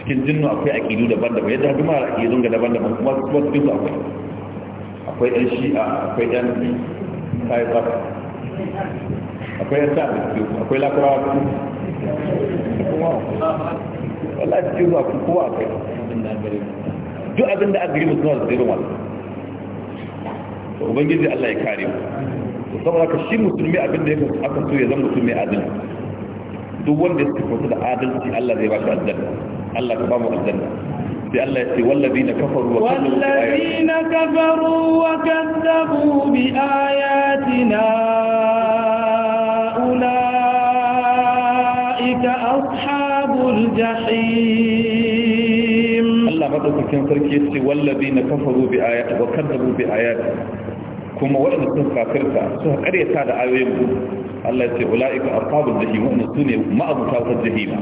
cikin jinnu akwai aƙidu daban-daban yadda hajjuma mara aƙidun ga daban-daban kuma kuma cikin su akwai akwai ɗan shi'a akwai ɗan kayan tsafi akwai ɗan sa'a su akwai lakurawa cikin su kuma wala cikin su akwai kowa akwai duk abin da agiri mutum da zirin wani ubangiji allah ya kare mu saboda ka shi musulmi abin da ya aka so ya zama musulmi mai duk wanda ya suka da adalci allah zai ba shi aljanna Allah ka ba mu aljanna sai Allah ya ce wallazina kafaru wa wallazina kafaru wa kadzabu bi ayatina ulaika ashabul jahim Allah madaukakin sarki ya ce wallazina kafaru bi ayati wa kadzabu bi ayati kuma waɗanda sun kafirta suka karyata da ayoyin Allah ya ce ulaika ashabul jahim wa ne ma'abuta wa jahima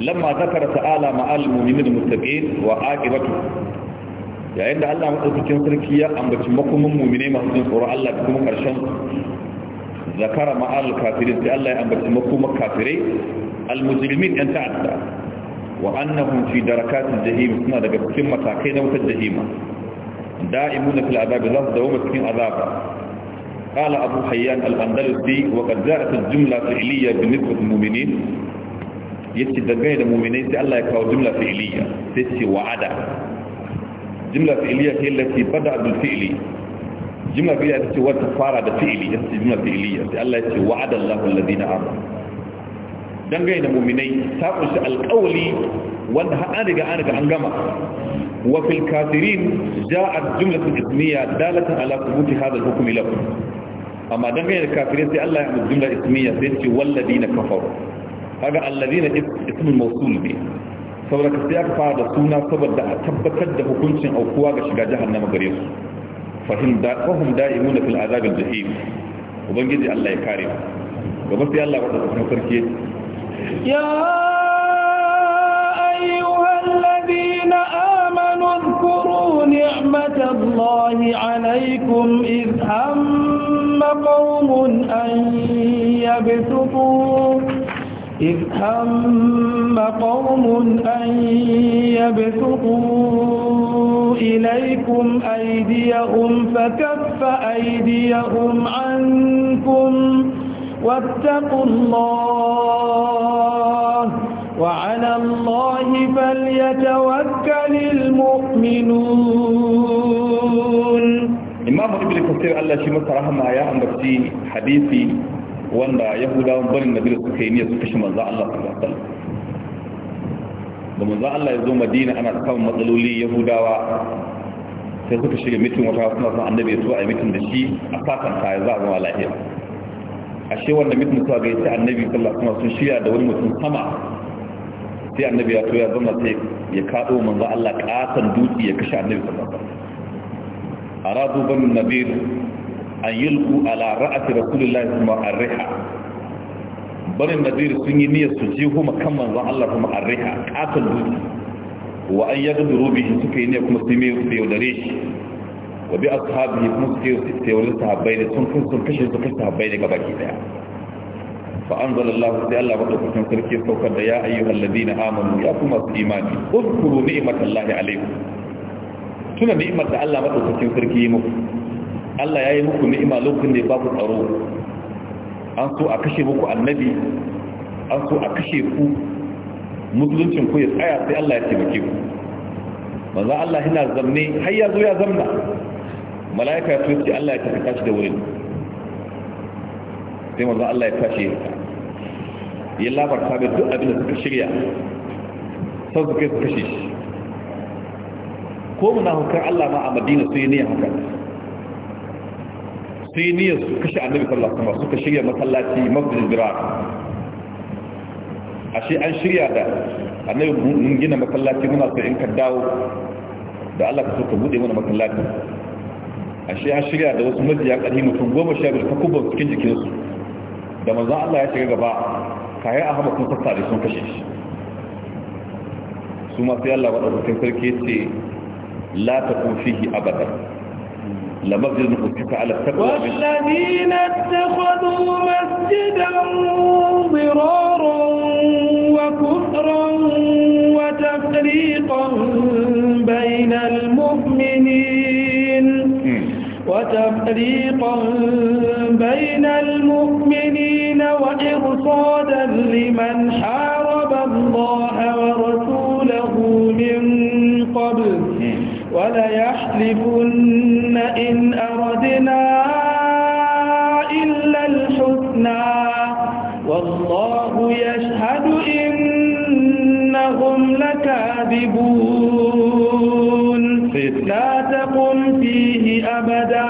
lamma zakara ta'ala ma'al mu'minin muttaqin wa aqibatu yayin da Allah madaukakin sarki ya ambaci makomin mu'mine masu jin tsoron Allah da kuma karshen zakara ma'al kafirin sai Allah ya ambaci makomin kafirai al mujrimin yan ta'adda wa annahum fi darakatil jahim suna daga cikin matakai na wutar dawo cikin azaba قال أبو حيان jumla وقد جاءت الجملة فعلية بالنسبة للمؤمنين yace dangane da mu'minai sai Allah ya kawo jumla fi'liya sai ce wa'ada jumla fi'liya ce lati bada bil fi'li jumla fi'liya ta ce wata fara da fi'li ita ce jumla fi'liya sai Allah ya ce wa'ada Allahu alladhina amanu dangane da mu'minai ta kunshi alƙawli wanda har an riga an riga an gama wa fil kafirin ja'at jumlatun ismiyya dalatan ala thubuti hadha al-hukmi lakum amma dangane da kafirin sai Allah ya amsa jumla ismiya sai ce walladina kafaru kaga alladina ismul mawsul bi saboda ka sai aka fara da suna saboda a tabbatar da hukuncin aukuwa ga shiga jahannama gare su fahim da fahum da'imuna fil azabil jahim ubangiji Allah ya kare gaba sai Allah wanda kuma sarki ya ayyuhal ladina amanu dhkuru ni'matallahi alaykum id hamma qaumun an yabsutu إذ هم قوم أن يبتقوا إليكم أيديهم فكف أيديهم عنكم واتقوا الله وعلى الله فليتوكل المؤمنون إمام ابن كثير الله شمس رحمه يا أمبتي حديثي wanda yahudawan barin nabi suka yi ne su kashe manzo Allah sallallahu alaihi wasallam da manzo Allah ya zo Madina ana samun matsaloli yahudawa sai suka shiga mitin wata suna son annabi ya so a yi mitin da shi a fatan ta ya za a zama lafiya ashe wanda mitin suka ga yace annabi sallallahu alaihi wasallam sun shirya da wani mutum sama sai annabi ya to ya zama sai ya kado manzo Allah katan dutse ya kashe annabi sallallahu alaihi wasallam aradu ban nabir an yulku ala ra'ati rasulillahi kuma arriha barin nadir sun yi niyyar su ji kuma kan manzon Allah kuma arriha katon dutse wa an yagduru bihi suka yi niyyar kuma su mai yaudare shi wa bi ashabihi kuma suka yi yaudarin sahabbai da sun kun sun kashe su kashe sahabbai daga baki daya fa anzalallahu sai Allah madaukakin sarki saukar da ya ayyuhal ladina amanu ya kuma su imani uzkuru ni'matallahi alaikum tuna ni'mar da Allah madaukakin sarki ya muku Allah ya yi muku ni'ima lokacin da ya ba tsaro an so a kashe muku annabi an so a kashe ku musuluncin ku ya tsaya sai Allah ya taimake ku manzo Allah yana zamne har ya zo ya zamna malaika ya tuce Allah ya tafi tashi da wurin sai manzo Allah ya tashi ya labarta da duk abin da suka shirya sau suka kashe shi ko munafukan Allah ma a Madina sai ne haka su yi niyyar su kashe annabi sallallahu alaihi wasallam suka shirya masallaci masjid dirar ashe an shirya da annabi mun gina masallaci muna so in ka dawo da Allah ka so ka bude mana masallaci ashe an shirya da wasu majiya ƙarfi mutum goma sha biyu ta takubban cikin jikinsu da manzo Allah ya shiga gaba kayan a haɓa kuma sassa da sun kashe shi su masu yalla waɗanda sun sarki ce la ta kun fihi abada لمسجد أسس على التقوى والذين اتخذوا مسجدا ضرارا وكفرا وتفريقا بين المؤمنين وتفريقا بين المؤمنين وإرصادا لمن حارب الله ورسوله من قبل وليحلفن إن أردنا إلا الحسنى والله يشهد إنهم لكاذبون لا تقم فيه أبدا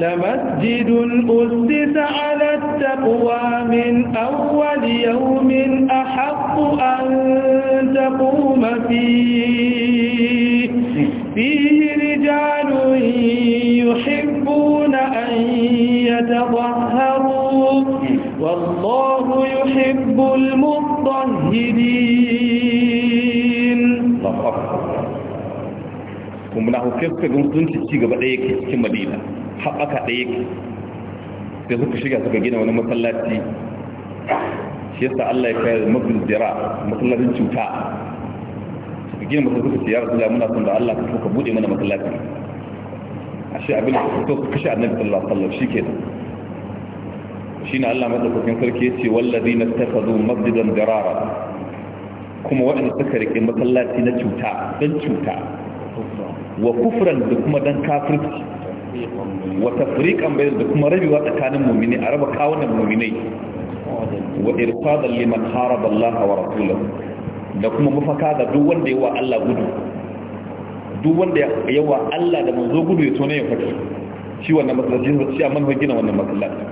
لمسجد أسس على التقوى من أول يوم أحق أن تقوم فيه فيه رجال يحبون أن يتطهروا والله يحب المطهرين kuma na hukunka ga mutunci ci gaba ɗaya ke cikin madina haɓaka ɗaya ke sai suka shiga suka gina wani masallaci shi yasa allah ya kayar mabin jira masallacin cuta su gina ya da muna da Allah ka suka mana masallaci a shi abin da suka kashe annabi sallallahu alaihi wasallam na Allah madaukakin sarki yace wallazi na tafazu masjidan darara kuma waɗanda suka rike masallaci na cuta dan cuta wa kufran da kuma dan kafirci wa tafriqan da kuma rabiwa tsakanin mu'mini a raba kawunan mu'minai wa irfadan liman haraba Allah wa rasulahu da kuma mafaka ga duk wanda yawa Allah gudu duk wanda yawa Allah da manzo gudu ya tone ya fata shi wannan masallaci shi a manhaj gina wannan masallaci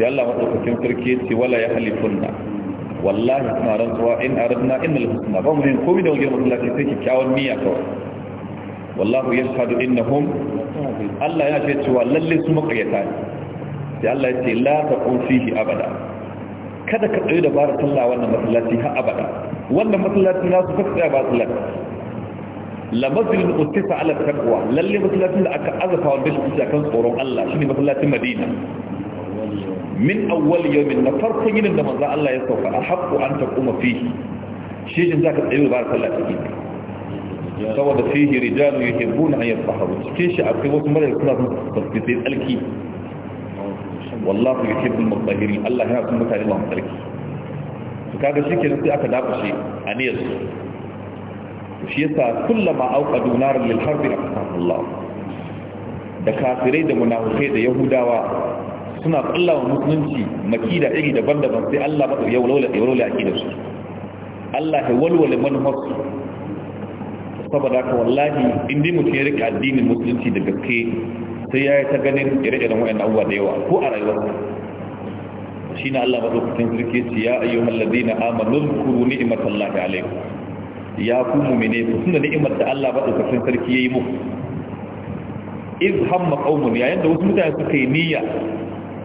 sai Allah madaukakin sarki ya ce wala ya halifunna wallahi suna rantsuwa in aradna innal husna ba mu ne komai da wajen masallaci sai kikkiawan niyya kawai wallahu yashhadu innahum Allah ya ce cewa lalle su makayata sai Allah ya ce la taqum fihi abada kada ka tsaye da bara sallah wannan masallaci har abada wannan masallaci nasu ka tsaya ba sallah la masjidul ustifa ala taqwa lalle masallacin da aka azafa wanda shi kan tsoron Allah shine masallacin Madina min awwal yawmin na farko yinin da manzo Allah ya sauka a haqqu an taquma fihi shi jin zaka tsaye da bara sallah cikin saboda fihi rijalu yuhibbuna an yatahharu cikin shi akwai wasu mutane suna son su tsalki wallahu yuhibbul mutahhirin Allah yana son mutane masu tsarki to kaga shikenan sai aka dakushe aniyar su to shi yasa kullama auqadu naran lil harbi aqsamu Allah da kafirai da munafikai da yahudawa suna tsallawa musulunci makida iri daban-daban sai Allah ba ya walwala ya walwala akidar su Allah ya walwala manufarsu saboda ka wallahi indi mutum ya rika addinin musulunci da gaske sai ya yi ta ganin ire-iren wa'in abubuwa da yawa ko a rayuwarsa shi na Allah maɗaukakin sarki ce ya ayyu hallazi na amanun kuru ni'imatan lafi alaikum ya ku mumine ku tuna ni'imar da Allah maɗaukakin sarki ya yi mu. iz hamma qaumun yayin da wasu mutane suka yi niyya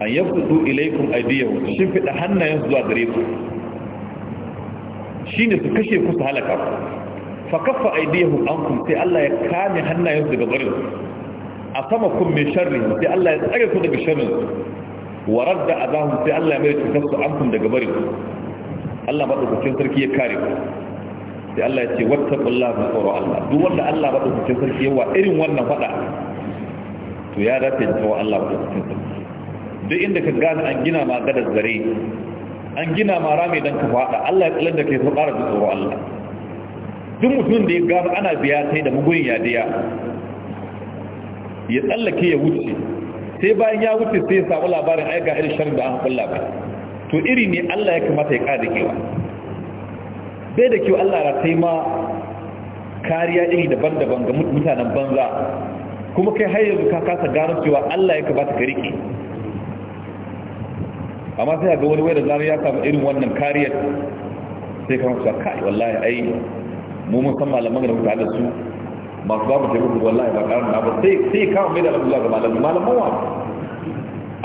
an yabtu ilaikum aydiyahu shin fida hannayen zuwa gare ku shine su kashe ku su halaka ku fa kaffa aydiyahu ankum sai Allah ya kame hannayen su daga gare ku a sama kun mai sharri sai Allah ya tsare ku daga sharrin wa radda azahum sai Allah ya mai cutar su an kun daga bari Allah ba madaukakin sarki ya kare ku sai Allah ya ce wattaqullaha bi tsoro Allah duk wanda Allah ba madaukakin sarki yawa irin wannan fada to ya dace ta wa Allah madaukakin sarki duk inda ka gane an gina ma gadar zare an gina ma rami dan ka fada Allah ya tsallar da kai sai fara bi tsoro Allah duk mutum da ya gano ana biya sai da mugun ya ya tsallake ya wuce sai bayan ya wuce sai ya samu labarin ai ga irin sharri da aka kulla ba to iri ne Allah ya kamata ya kada kewa bai da kyau Allah ya sai ma kariya iri daban-daban ga mutanen banza kuma kai har yanzu ka kasa gano cewa Allah ya kamata ka rike amma sai ga wani wanda da ya samu irin wannan kariyar sai ka cewa kai wallahi ai mu mun san malaman da mutanen su masu babu taimako wallahi ba karanta na ba sai sai kawo mai da Allah ga malami malamin wa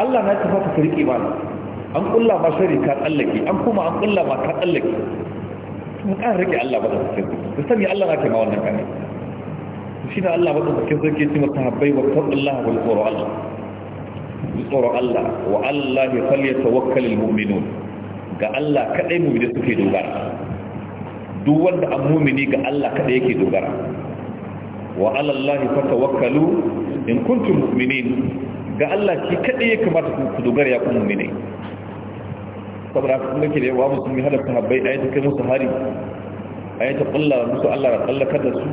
Allah na ta fata sarki ba an kulla ma shari ka tsallake an kuma an kulla ma ka tsallake kuma kan rike Allah ba da cikin ku sani Allah na ma wannan kane shi da Allah ba da cikin sarki ce mata habbai wa taqullaha wal qur'an tsoro Allah wa Allah ya al mu'minun ga Allah kadai mu'mini suke dogara duk wanda an mu'mini ga Allah kadai yake dogara wa alallahi fatawakkalu in kuntum mu'minin ga Allah shi kadai ya kamata ku dogara ya ku mu'mini saboda kun nake da yawa musulmi hada sahabbai ayatu kai musu hari ayatu qalla musu Allah ya tsallakar su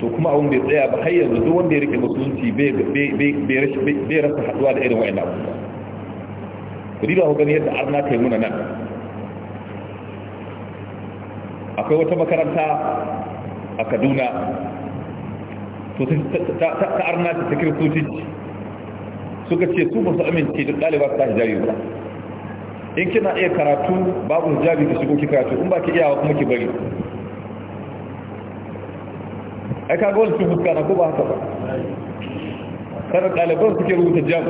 to kuma abun bai tsaya ba har yanzu duk wanda ya rike musulunci bai bai rasa haduwa da irin wa'annan abubuwa ku diba ku yadda arna kai muna nan akwai wata makaranta a kaduna to ta arna ta kiristoci suka ce su ba su amince da ɗaliba ta hijabi ba in kina iya karatu babu hijabi ki shigo ki karatu in ba ki iyawa kuma ki bari ai kaga wani sun fuska na ko ba haka ba kada ɗaliban suke rubuta jam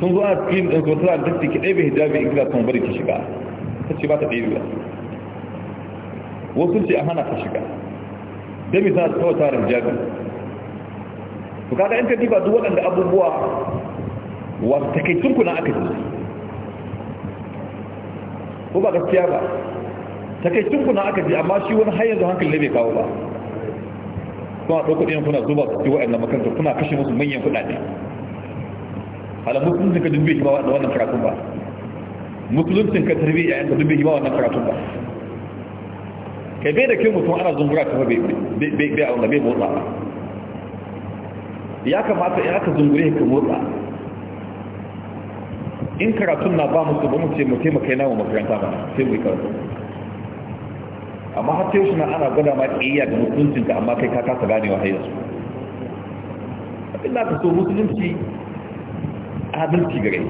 sun zo a cikin ɗin so tana da ki ɗaya bai hijabi in kira son bari ki shiga ta ce ba ta ba. wasu ce a hana ta shiga sai mai sa su kawo tarin jabi to in ka diba duk waɗanda abubuwa wasu takaicin kuna aka ji ko ba gaskiya ba takaicin kuna aka ji amma shi wani har yanzu hankali ne bai kawo ba kuma ɗauko ɗayan kuna zuba su ci waɗanda makaranta kuna kashe musu manyan kuɗaɗe halamun sun ka dubbe shi ba wannan karatun ba musulun musuluncin ka tarbiyya yanka dubbe shi ba wannan karatun ba kai bai da kyau mutum ana zungura kuma bai auna bai motsa ba ya kamata ya ka zungure ka motsa in karatun na ba musu ba mu ce mu taimaka yana wa makaranta ba sai mu yi karatu amma har yau na ana gwada ma da mutuncin ka amma kai ka kasa wa hayar su abin da ka so musulunci adalci gare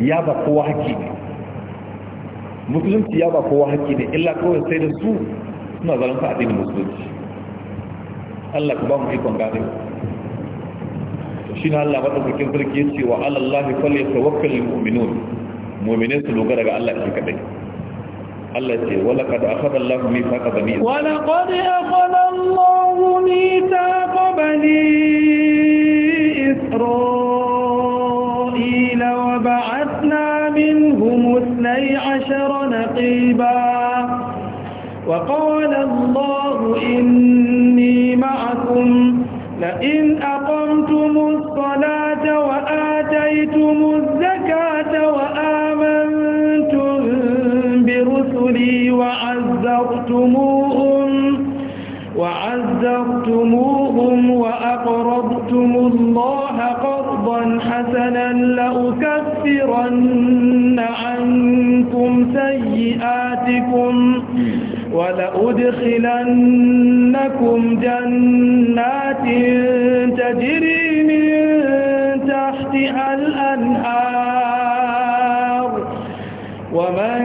ya ba kowa haƙƙi ne mutunci ya ba kowa haƙƙi ne illa kawai sai da su suna zalunta addinin musulunci Allah ka ba mu ikon gane shi na Allah madaukakin sarki yace wa alallahi falyatawakkalul mu'minun mu'minin su dogara ga Allah shi kadai Allah ce wala da akhadha Allah mithaqa bani wala qad akhadha Allah mithaqa bani Isra'ila wa min ba'athna minhum 12 naqiba وقال الله إني معكم لئن أقمتم الصلاة وآتيتم الزكاة وآمنتم برسلي وعزرتموهم وعزرتموهم وأقرضتم الله قرضا حسنا لأكفرن عنكم سيئاتكم ولأدخلنكم جنات تجري من تحتها الأنهار ومن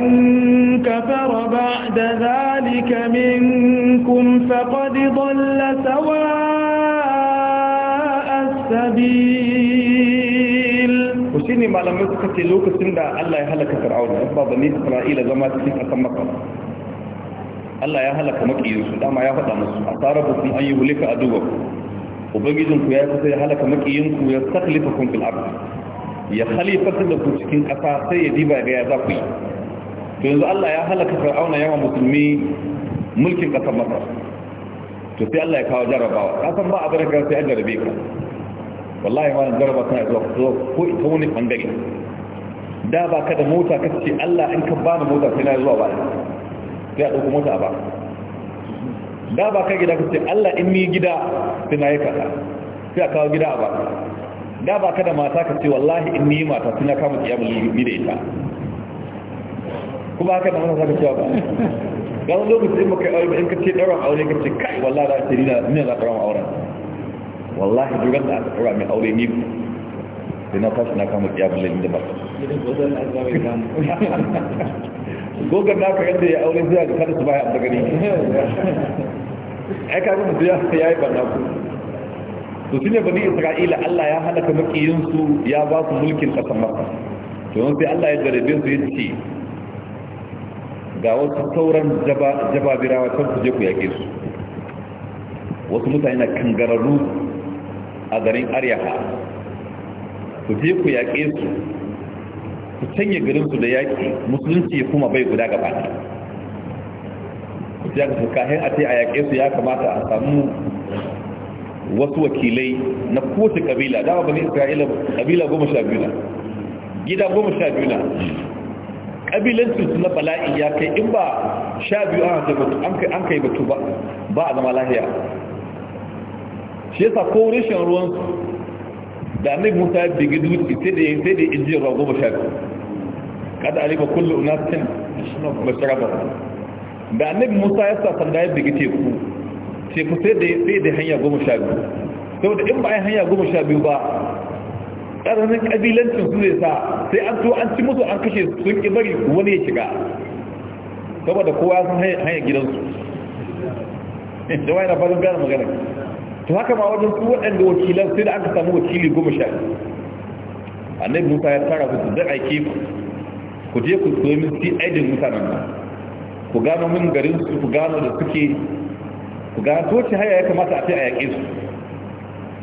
كفر بعد ذلك منكم فقد ضل سواء السبيل وشيني ما لم يسكت لوكس عند الله يهلك فرعون أسباب بني إسرائيل زمات في أسمكم Allah ya halaka makiyinsu dama ya faɗa musu a tsara bukun an yi hulika a duba ubangijinku ya kusa ya halaka makiyinku ya saklifa kun fil ardi ya khalifatar da ku cikin ƙasa sai ya diba ga ya za ku yi to yanzu Allah ya halaka fir'auna yawa musulmi mulkin ƙasar masar to sai Allah ya kawo jarabawa kasan ba a abin da sai an jarabe ka wallahi ma jaraba tana zuwa ko ita wani bangare da ba ka da mota ka ce Allah in ka ba mota sai na zuwa ba sai a ɗauko mota a ba da ba ka gida ka ce Allah in ni gida sai na yi kasa. sai a kawo gida a ba da ba ka da mata ka ce wallahi in ni mata sai na kama kiyamul ni da ita kuma haka da mata za ka ce ba ga wani lokaci in baka aure ba in ka ce ɗaron aure ka ce kai wallahi za ka ce ni na za ka ɗauran auren wallahi duk da aka ɗaura mai aure ni sai na fashi na kama kiyamun lalin da ba gogar na ka yadda ya aure zuwa ga kada su baya da gani ai ka zama zuwa ya yi barna ku to shi ne bani isra'ila allah ya halaka makiyinsu ya ba su mulkin ƙasar masa to yanzu sai allah ya jarabe su ya ce ga wasu sauran jababirawa can ku je ku yaƙe su wasu mutane na kangararru a garin aryaha ku je ku yaƙe su ku canye garinsu da yaƙi musulunci ya kuma bai guda gaba ne ku ce aka kahin a ce a yaƙe su ya kamata a samu wasu wakilai na kowace kabila dama bane isra'ila kabila goma sha biyu na gida goma sha biyu na kabilansu na bala'i ya kai in ba sha biyu an kai batu ba a zama lahiya shi yasa ko rashin ruwansu da annabi musa ya bigi sai da sai da inji ruwa goma sha biyu kada alika kullu unatin mashraba da annabi musa ya sa sanda ya bigi teku teku sai da sai da hanya goma sha biyu saboda in ba ai hanya goma sha biyu ba karanin ƙabilancin su zai sa sai an to an ci musu an kashe sun ƙi bari wani ya shiga saboda kowa sun san hanyar gidansu <laughs> da wani na farin gane magana to haka ma wajen su waɗanda wakilan sai da aka samu wakili goma sha A annabi musa ya tara su zai aike ku je ku soyi min si aidin mutanen nan ku gano min garin su ku gano da suke ku gano to ce haya ya kamata a fi a yaƙe su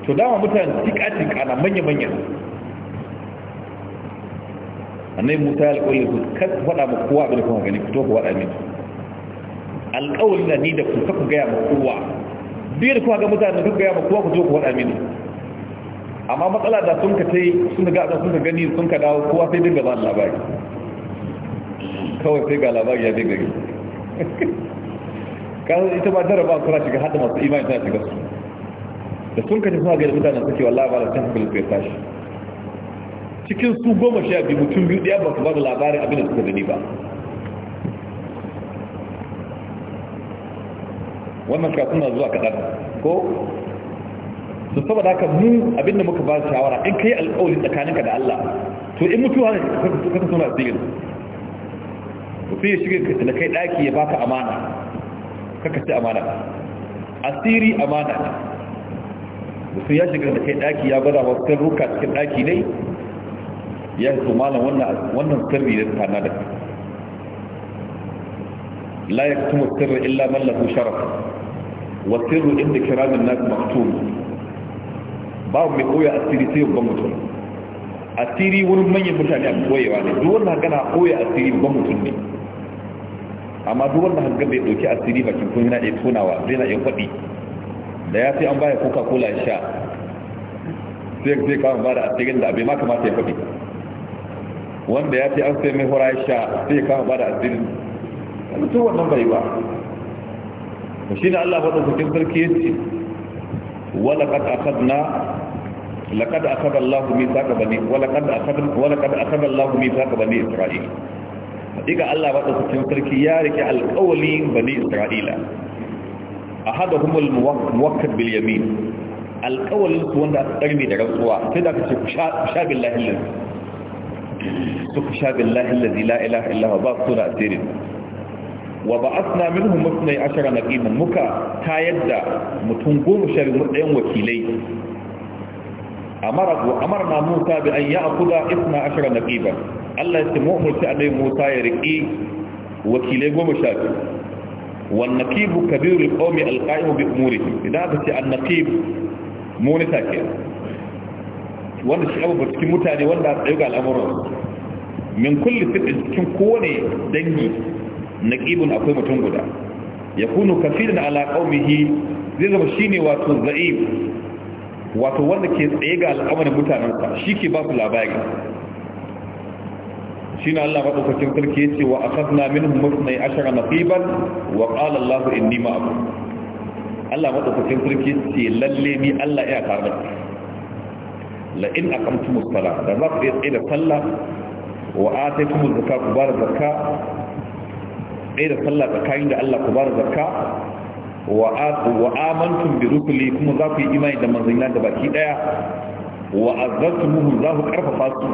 to dama mutane tika-tika na manya-manya annabi musa ya alƙawari ku kan faɗa ma kowa abin da kuma gani ku to ku waɗa min alƙawari na ni da ku ku gaya ma kowa Duk da kuma ga mutane duk gaya kuwa ku zo ku faɗa mini amma matsala da sun ka tai sun ga da sun ka gani sun ka dawo kowa sai dinga ba labari kawai sai ga labari ya dinga gani kawo ita ba jaraba ku ra shiga hada masu imani ta shiga su da sun ka suna gani mutane suke wallahi ba da ta hankali ya tashi cikin su goma sha biyu mutum biyu ɗaya ba su ba da labarin abin da suka gani ba wannan kafin na zuwa kaɗan ko su saboda kan mu abinda muka ba shawara in kai alƙawari tsakaninka da Allah to in mutuwa ne ka tafi na sigin sai ya shiga da kai ɗaki ya baka amana kaka ci amana asiri amana sai ya shiga da kai ɗaki ya gwada wasu ruka cikin ɗaki ne ya su malam wannan sirri da tana da la ya kuma sirri illa mallahu sharafa wasiru inda kiramin nas maktum babu mai koya asiri sai babban mutum asiri wurin manyan mutane a koyewa ne duk wanda gana koya asiri babban mutum ne amma duk wanda hanga bai dauki asiri bakin kun yana iya tonawa zai na iya faɗi da ya sai an baya coca cola sha sai zai ka ba da asirin da bai ma kamata ya faɗi wanda ya sai an sai mai hura sha sai ka ba da asiri mutum wannan bai ba to shi da Allah madaukakin sarki yace wala qad akhadna laqad akhadha Allahu mithaqa bani wala qad wala qad akhadha Allahu mithaqa bani Isra'il diga Allah sarki ya rike alƙawalin bani Isra'ila ahadahum al bil yamin alƙawalin su wanda aka tsarni da rantsuwa sai da aka sha billahi lillahi sha billahi la ilaha illa huwa ba su asirin wa ba ba'athna minhum musnay ashara naqiban muka ta yadda mutum goma sha biyu ɗayan wakilai amara wa amarna Musa bi an ya'khudha 12 naqiban Allah ya ce mu a annabi Musa ya riƙe. wakilai goma sha biyu wan naqib kabir al-qawm al-qa'im bi umurihi idan aka ce an-naqib munita ke wanda shi abu cikin mutane wanda a tsaye ga al'amuran min kulle fitin cikin kowane dangi naqibun akwai mutum guda yakunu kafiran ala qaumihi zai zama shine wato za'ib wato wanda ke tsaye ga al'amarin mutanensa shi ke ba su labari shi na Allah maɗaukakin sarki ya ce wa a kasna min mutane ashara na tsiban wa ƙala Allah in nima abu Allah maɗaukakin sarki ce lalle ni Allah ya tare da a in akamtu da za ku iya tsaye da sallah wa a ta kuma zaka ku ba da zaka ɗaya da sallah tsakanin da Allah ku bar zakka wa amantum bi rusuli kuma za ku yi imani da manzanni da baki ɗaya? wa azzatumuhum za ku karfafa su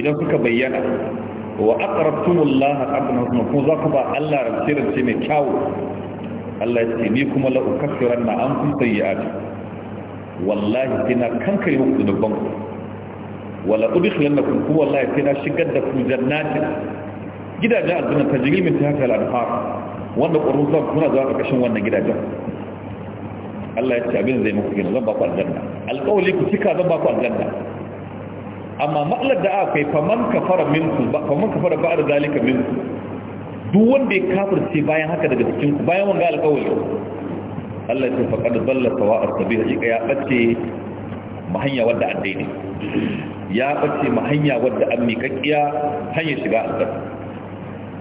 idan suka bayyana wa aqrabtumullaha qabla husna kuma za ku ba Allah rance rance mai kyawu Allah ya ce ni kuma la ukaffiranna ankum sayyi'atikum wallahi sai na kankare muku zunuban ku wala udkhilannakum ku wallahi sai na shigar da ku jannatin gidajen aljanna ta jiri min ta al'adhar wanda ƙwarun sa suna zuwa ƙarƙashin wannan gidajen Allah ya ce abin zai muku gina zan ba ku aljanna alƙawali ku cika zan ba ku aljanna amma matsalar da aka yi faman kafara minku faman kafara ba da zalika minku duk wanda ya kafirce bayan haka daga cikin ku bayan wanga alƙawali Allah ya ce faqad dalla sawa'a sabila ya bace hanya wadda addini ya bace hanya wadda an miƙaƙiya hanyar shiga aljanna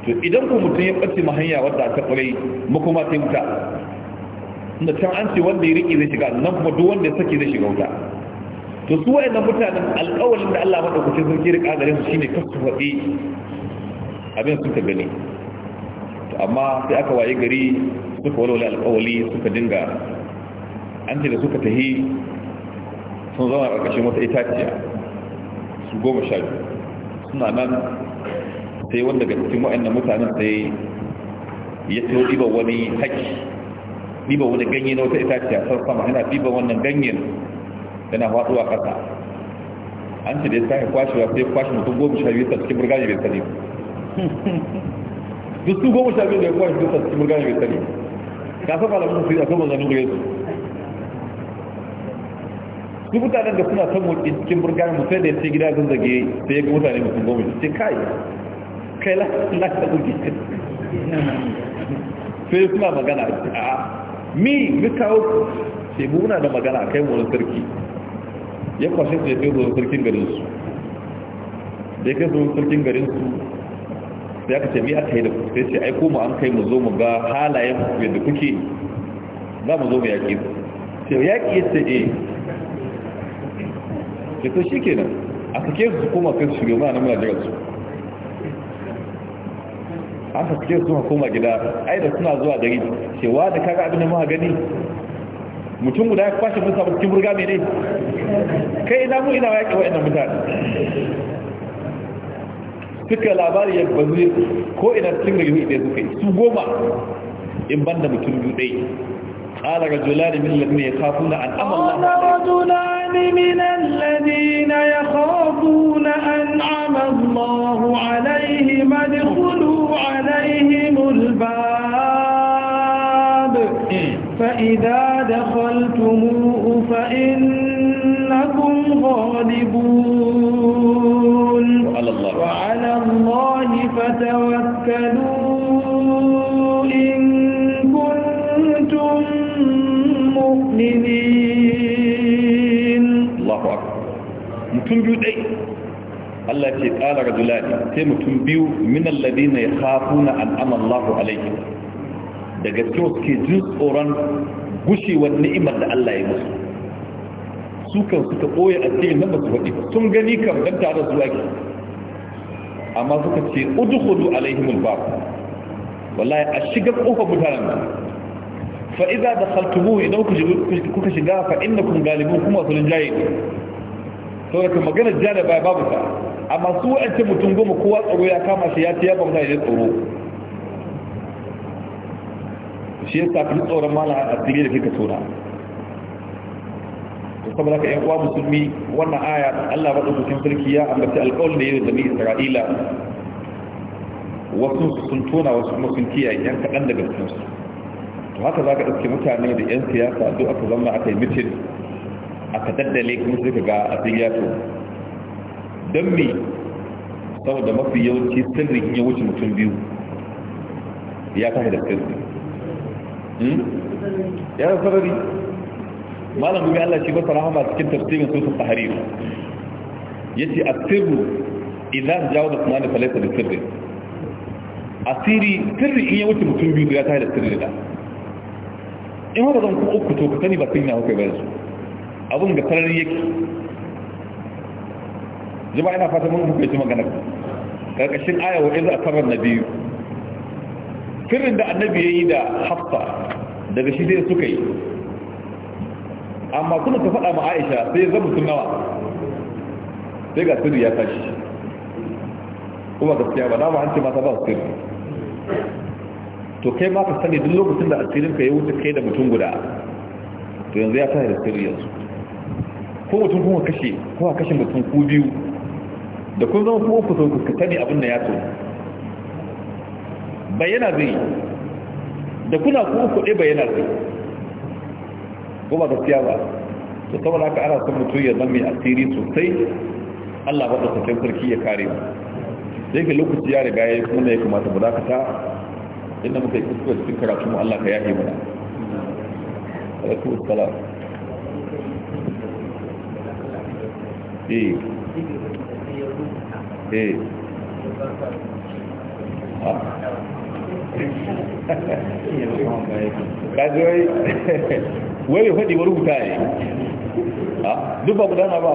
to idan ku mutum ya ɓace ma hanya wadda ta ƙwarai makoma ta wuta inda can an ce wanda ya riƙe zai shiga nan kuma duk wanda ya sake zai shiga wuta to su na mutanen alƙawalin da Allah maɗaukacin sarki da gare su shine kasu faɗi abin sun ka gani to amma sai aka waye gari suka walwale alƙawali suka dinga an ce da suka tahi sun zama a ƙarƙashin wata itaciya su goma sha biyu suna nan sai wanda ga cikin wa'annan mutanen sai ya so ɗiba wani haki ɗiba wani ganye na wata itaciya sau sama yana ɗiba wannan ganyen yana faɗuwa ƙasa an ce da ya sake kwashewa sai kwashe mutum goma sha biyu cikin burgani bai sani duk su goma sha biyu da ya kwashe duk cikin burgani bai sani ka saba da mutum sai a saman zanen gure su duk mutanen da suna son motsi cikin burgani mutum da ya ce gida zan zage sai ya ga mutane mutum goma sai kai kai lafiya bugi sai suna magana a mi mikawo ce muna da magana kai wani sarki ya kwashe su ya fi zuwa sarkin garinsu da ya kai zuwa sarkin garinsu sai aka ce mi aka yi da ku sai ce ai kuma an kai mu zo mu ga halayen yadda kuke za mu zo mu yaƙi ce yaƙi ya ce eh ce to shi kenan a kake su kuma kai su shiga na muna jirar aka suke su koma gida ai da suna zuwa dare. cewa da kaga abin da muka gani mutum guda ya kwashe musa ba cikin burga ne. kai ina mu ina yaƙi wa'annan mutane suka labari ya bazu ko ina cikin gari ne suka yi su goma in banda mutum biyu ɗaya قال رجلان من الذين يخافون أن أم الله قال رجلان من الذين يخافون أنعم الله عليهم ادخلوا عليهم الباب فإذا دخلتموه فإنكم غالبون وعلى الله فتوكلوا إن mu'minin Allahu akbar mutum biyu dai Allah ce qala rajulani sai mutum biyu min alladhina yakhafuna an amallahu alaihim da gaske suke jin tsoron gushewar ni'imar da Allah ya musu su kan suka boye addini nan ba su faɗi sun gani kam dan tare zuwa ke amma suka ce udkhulu alaihimul bab wallahi a shiga kofar mutanen fa idza dakhaltumuhu idan kuka shiga fa innakum galibun kuma kullun jayi to da magana janaba babu ta amma su wa'ance mutum goma kowa tsaro ya kama shi ya tiya babu ta idan tsaro shi ya sa kun tsoron mala a tsiri da kika tona to saboda ka yan uwa musulmi wannan aya Allah ba dokokin sarki ya ambaci alƙawarin da yayin da Isra'ila wasu sun tona wasu kuma sun kiyaye yan kaɗan daga cikinsu to haka za ka ɗauki mutane da 'yan siyasa duk aka zama aka yi mitin aka daddale kuma sai ka ga abin ya to don me saboda mafi yawanci sirrin ya wuce mutum biyu ya tashi da sirri hmm? ya da sarari malam gumi allah shi masa rahama cikin tafsirin sosan tahariru ya ce a sirru idan jawo da tunani falaisa da sirri asiri sirri in ya wuce mutum biyu ya tashi da sirri da in haka zan kuka uku to ka sani ba sun yana kai bayan su abin da sarari yake jama'a ina fata mun hukunci magana karkashin aya wa iza akarar nabiyu firin da annabi ya yi da hafsa daga shi sai suka yi amma kuma ta faɗa ma aisha sai zan sun nawa sai ga sirri ya tashi kuma gaskiya ba na ba hanci mata ba su sirri to kai ma ka sani duk lokacin da asirin ka ya wuce kai da mutum guda to yanzu ya sa da sirri yanzu ko mutum kuma kashe ko a kashe mutum ku biyu da kun zama kuma ku sauku ka sani abin da ya so bayyana zai da kuna ku uku ɗaya bayyana zai ko ba gaskiya ba to saboda haka ana son mutum ya zama mai asiri sosai Allah ba da sarki ya kare mu sai ka lokaci ya riga ya yi kuma ya kamata mu dakata inda muka yi kuskure cikin karatu mu Allah ka yafe mana alaikum assalam eh eh ah. <laughs> kaji wai <laughs> wai ya faɗi wani wuta ne duk ba gudana ba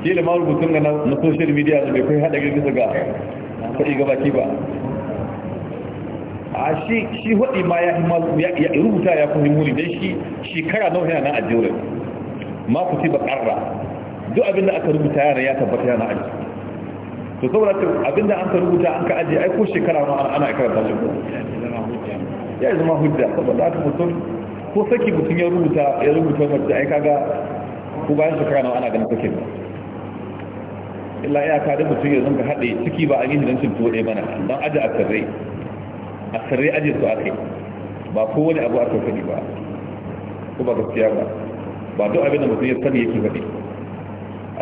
ke da marubutan na social media da bai kai haɗa girgisa ga faɗi ga baki ba a shi shi ma ya rubuta ya fi muni don shi shekara nau yana na ajiyar ma ku ci ba ƙarra duk abinda aka rubuta yana ya tabbata yana aji to saboda abinda an ka rubuta an ka aji ai ko shekara ma ana karanta shi ya zama hujja saboda aka mutum ko saki mutum ya rubuta ya rubuta mace ai kaga ko bayan shekara nawa ana ganin sakin ba illa ya ka da mutum ya ka haɗe ciki ba a yi hidan cin tuwo ɗaya mana don aji a sarrai a sarrai aji su aka yi ba ko wani abu aka faɗi ba ko ba gaskiya ba ba duk abin da mutum ya sani yake faɗi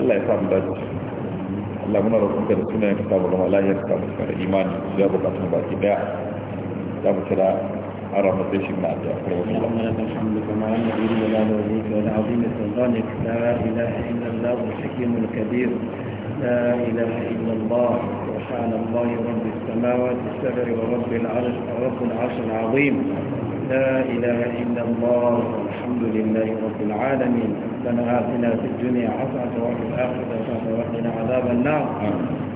Allah ya sa mu dace Allah muna roƙon ka da sunayen ka samu zama lahiyar ka mu da imani ya buƙatu mu baki daya za mu kira أرى مدش من عبد اللهم لك الحمد كما أن إلا لا وليك ولا عظيم سلطانك لا إله إلا الله الحكيم الكبير لا إله إلا الله سبحان الله رب السماوات السبع ورب العرش ورب العرش العظيم لا إله إلا الله الحمد لله رب العالمين ربنا آتنا في الدنيا حسنة وفي الآخرة حسنة وقنا عذاب النار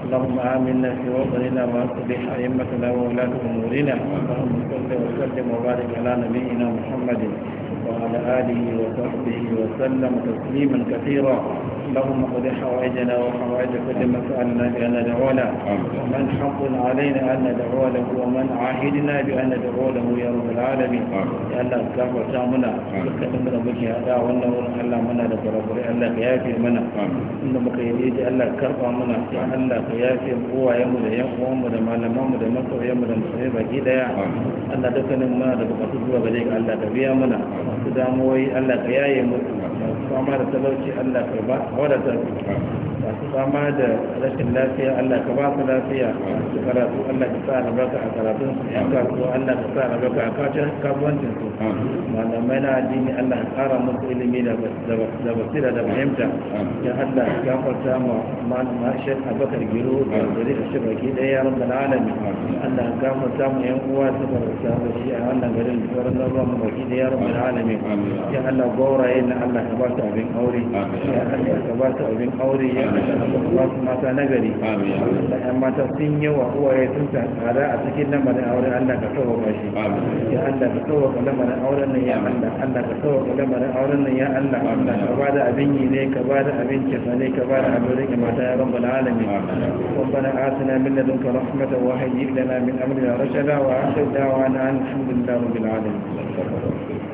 اللهم آمنا في وطننا وأصلح أئمتنا وولاة أمورنا اللهم صل وسلم وبارك على نبينا محمد وعلى آله وصحبه وسلم تسليما كثيرا اللهم قد حوائجنا وحوائج كل ما سألنا بأن ندعو له ومن حق علينا أن ندعو له ومن عاهدنا بأن ندعو له يا رب العالمين يا الله أكبر وسامنا لكتم ربك هذا وأنه ألا منا لترب الله قيافي منا إنما كيديد الله كرب منا يا الله هو يمد يقوم لما لم يمد مصر يمد مصيبة كده الله دكنا منا دكتور وبديك الله تبيا منا تداموي الله كياي منا fama da talauci Allah ka ba wadata su masu fama da rashin lafiya Allah ka ba su lafiya su karatu Allah ka sa albarka a karatun su yan kasuwa Allah ka sa albarka a kasuwancin su malamai na addini Allah ka kara musu ilimi da basira da fahimta ya Allah ka gafarta ma malama Sheikh Abubakar Giro da Zuri da Shibaki da yaran da alami Allah ka gafarta mu yan uwa su barka da shi a wannan garin da sauran da mu baki da yaran da alami ya Allah gauraye na Allah ka ba su abin aure ya Allah ka ba su abin aure ya Allah ka ba su mata nagari da ƴan mata sun yawa uwaye sun tsara a cikin lamarin aure Allah ka sauwaka shi ya Allah ka sauwaka lamarin auren nan ya Allah Allah ka sauwaka lamarin auren nan ya Allah Allah ka ba da abin yi ne ka ba da abin kifa ne ka ba da abin rike mata ya rabbal alamin ربنا آتنا من لدنك رحمة وهيئ لنا من أمرنا رشدا وآخر دعوانا أن الحمد لله رب العالمين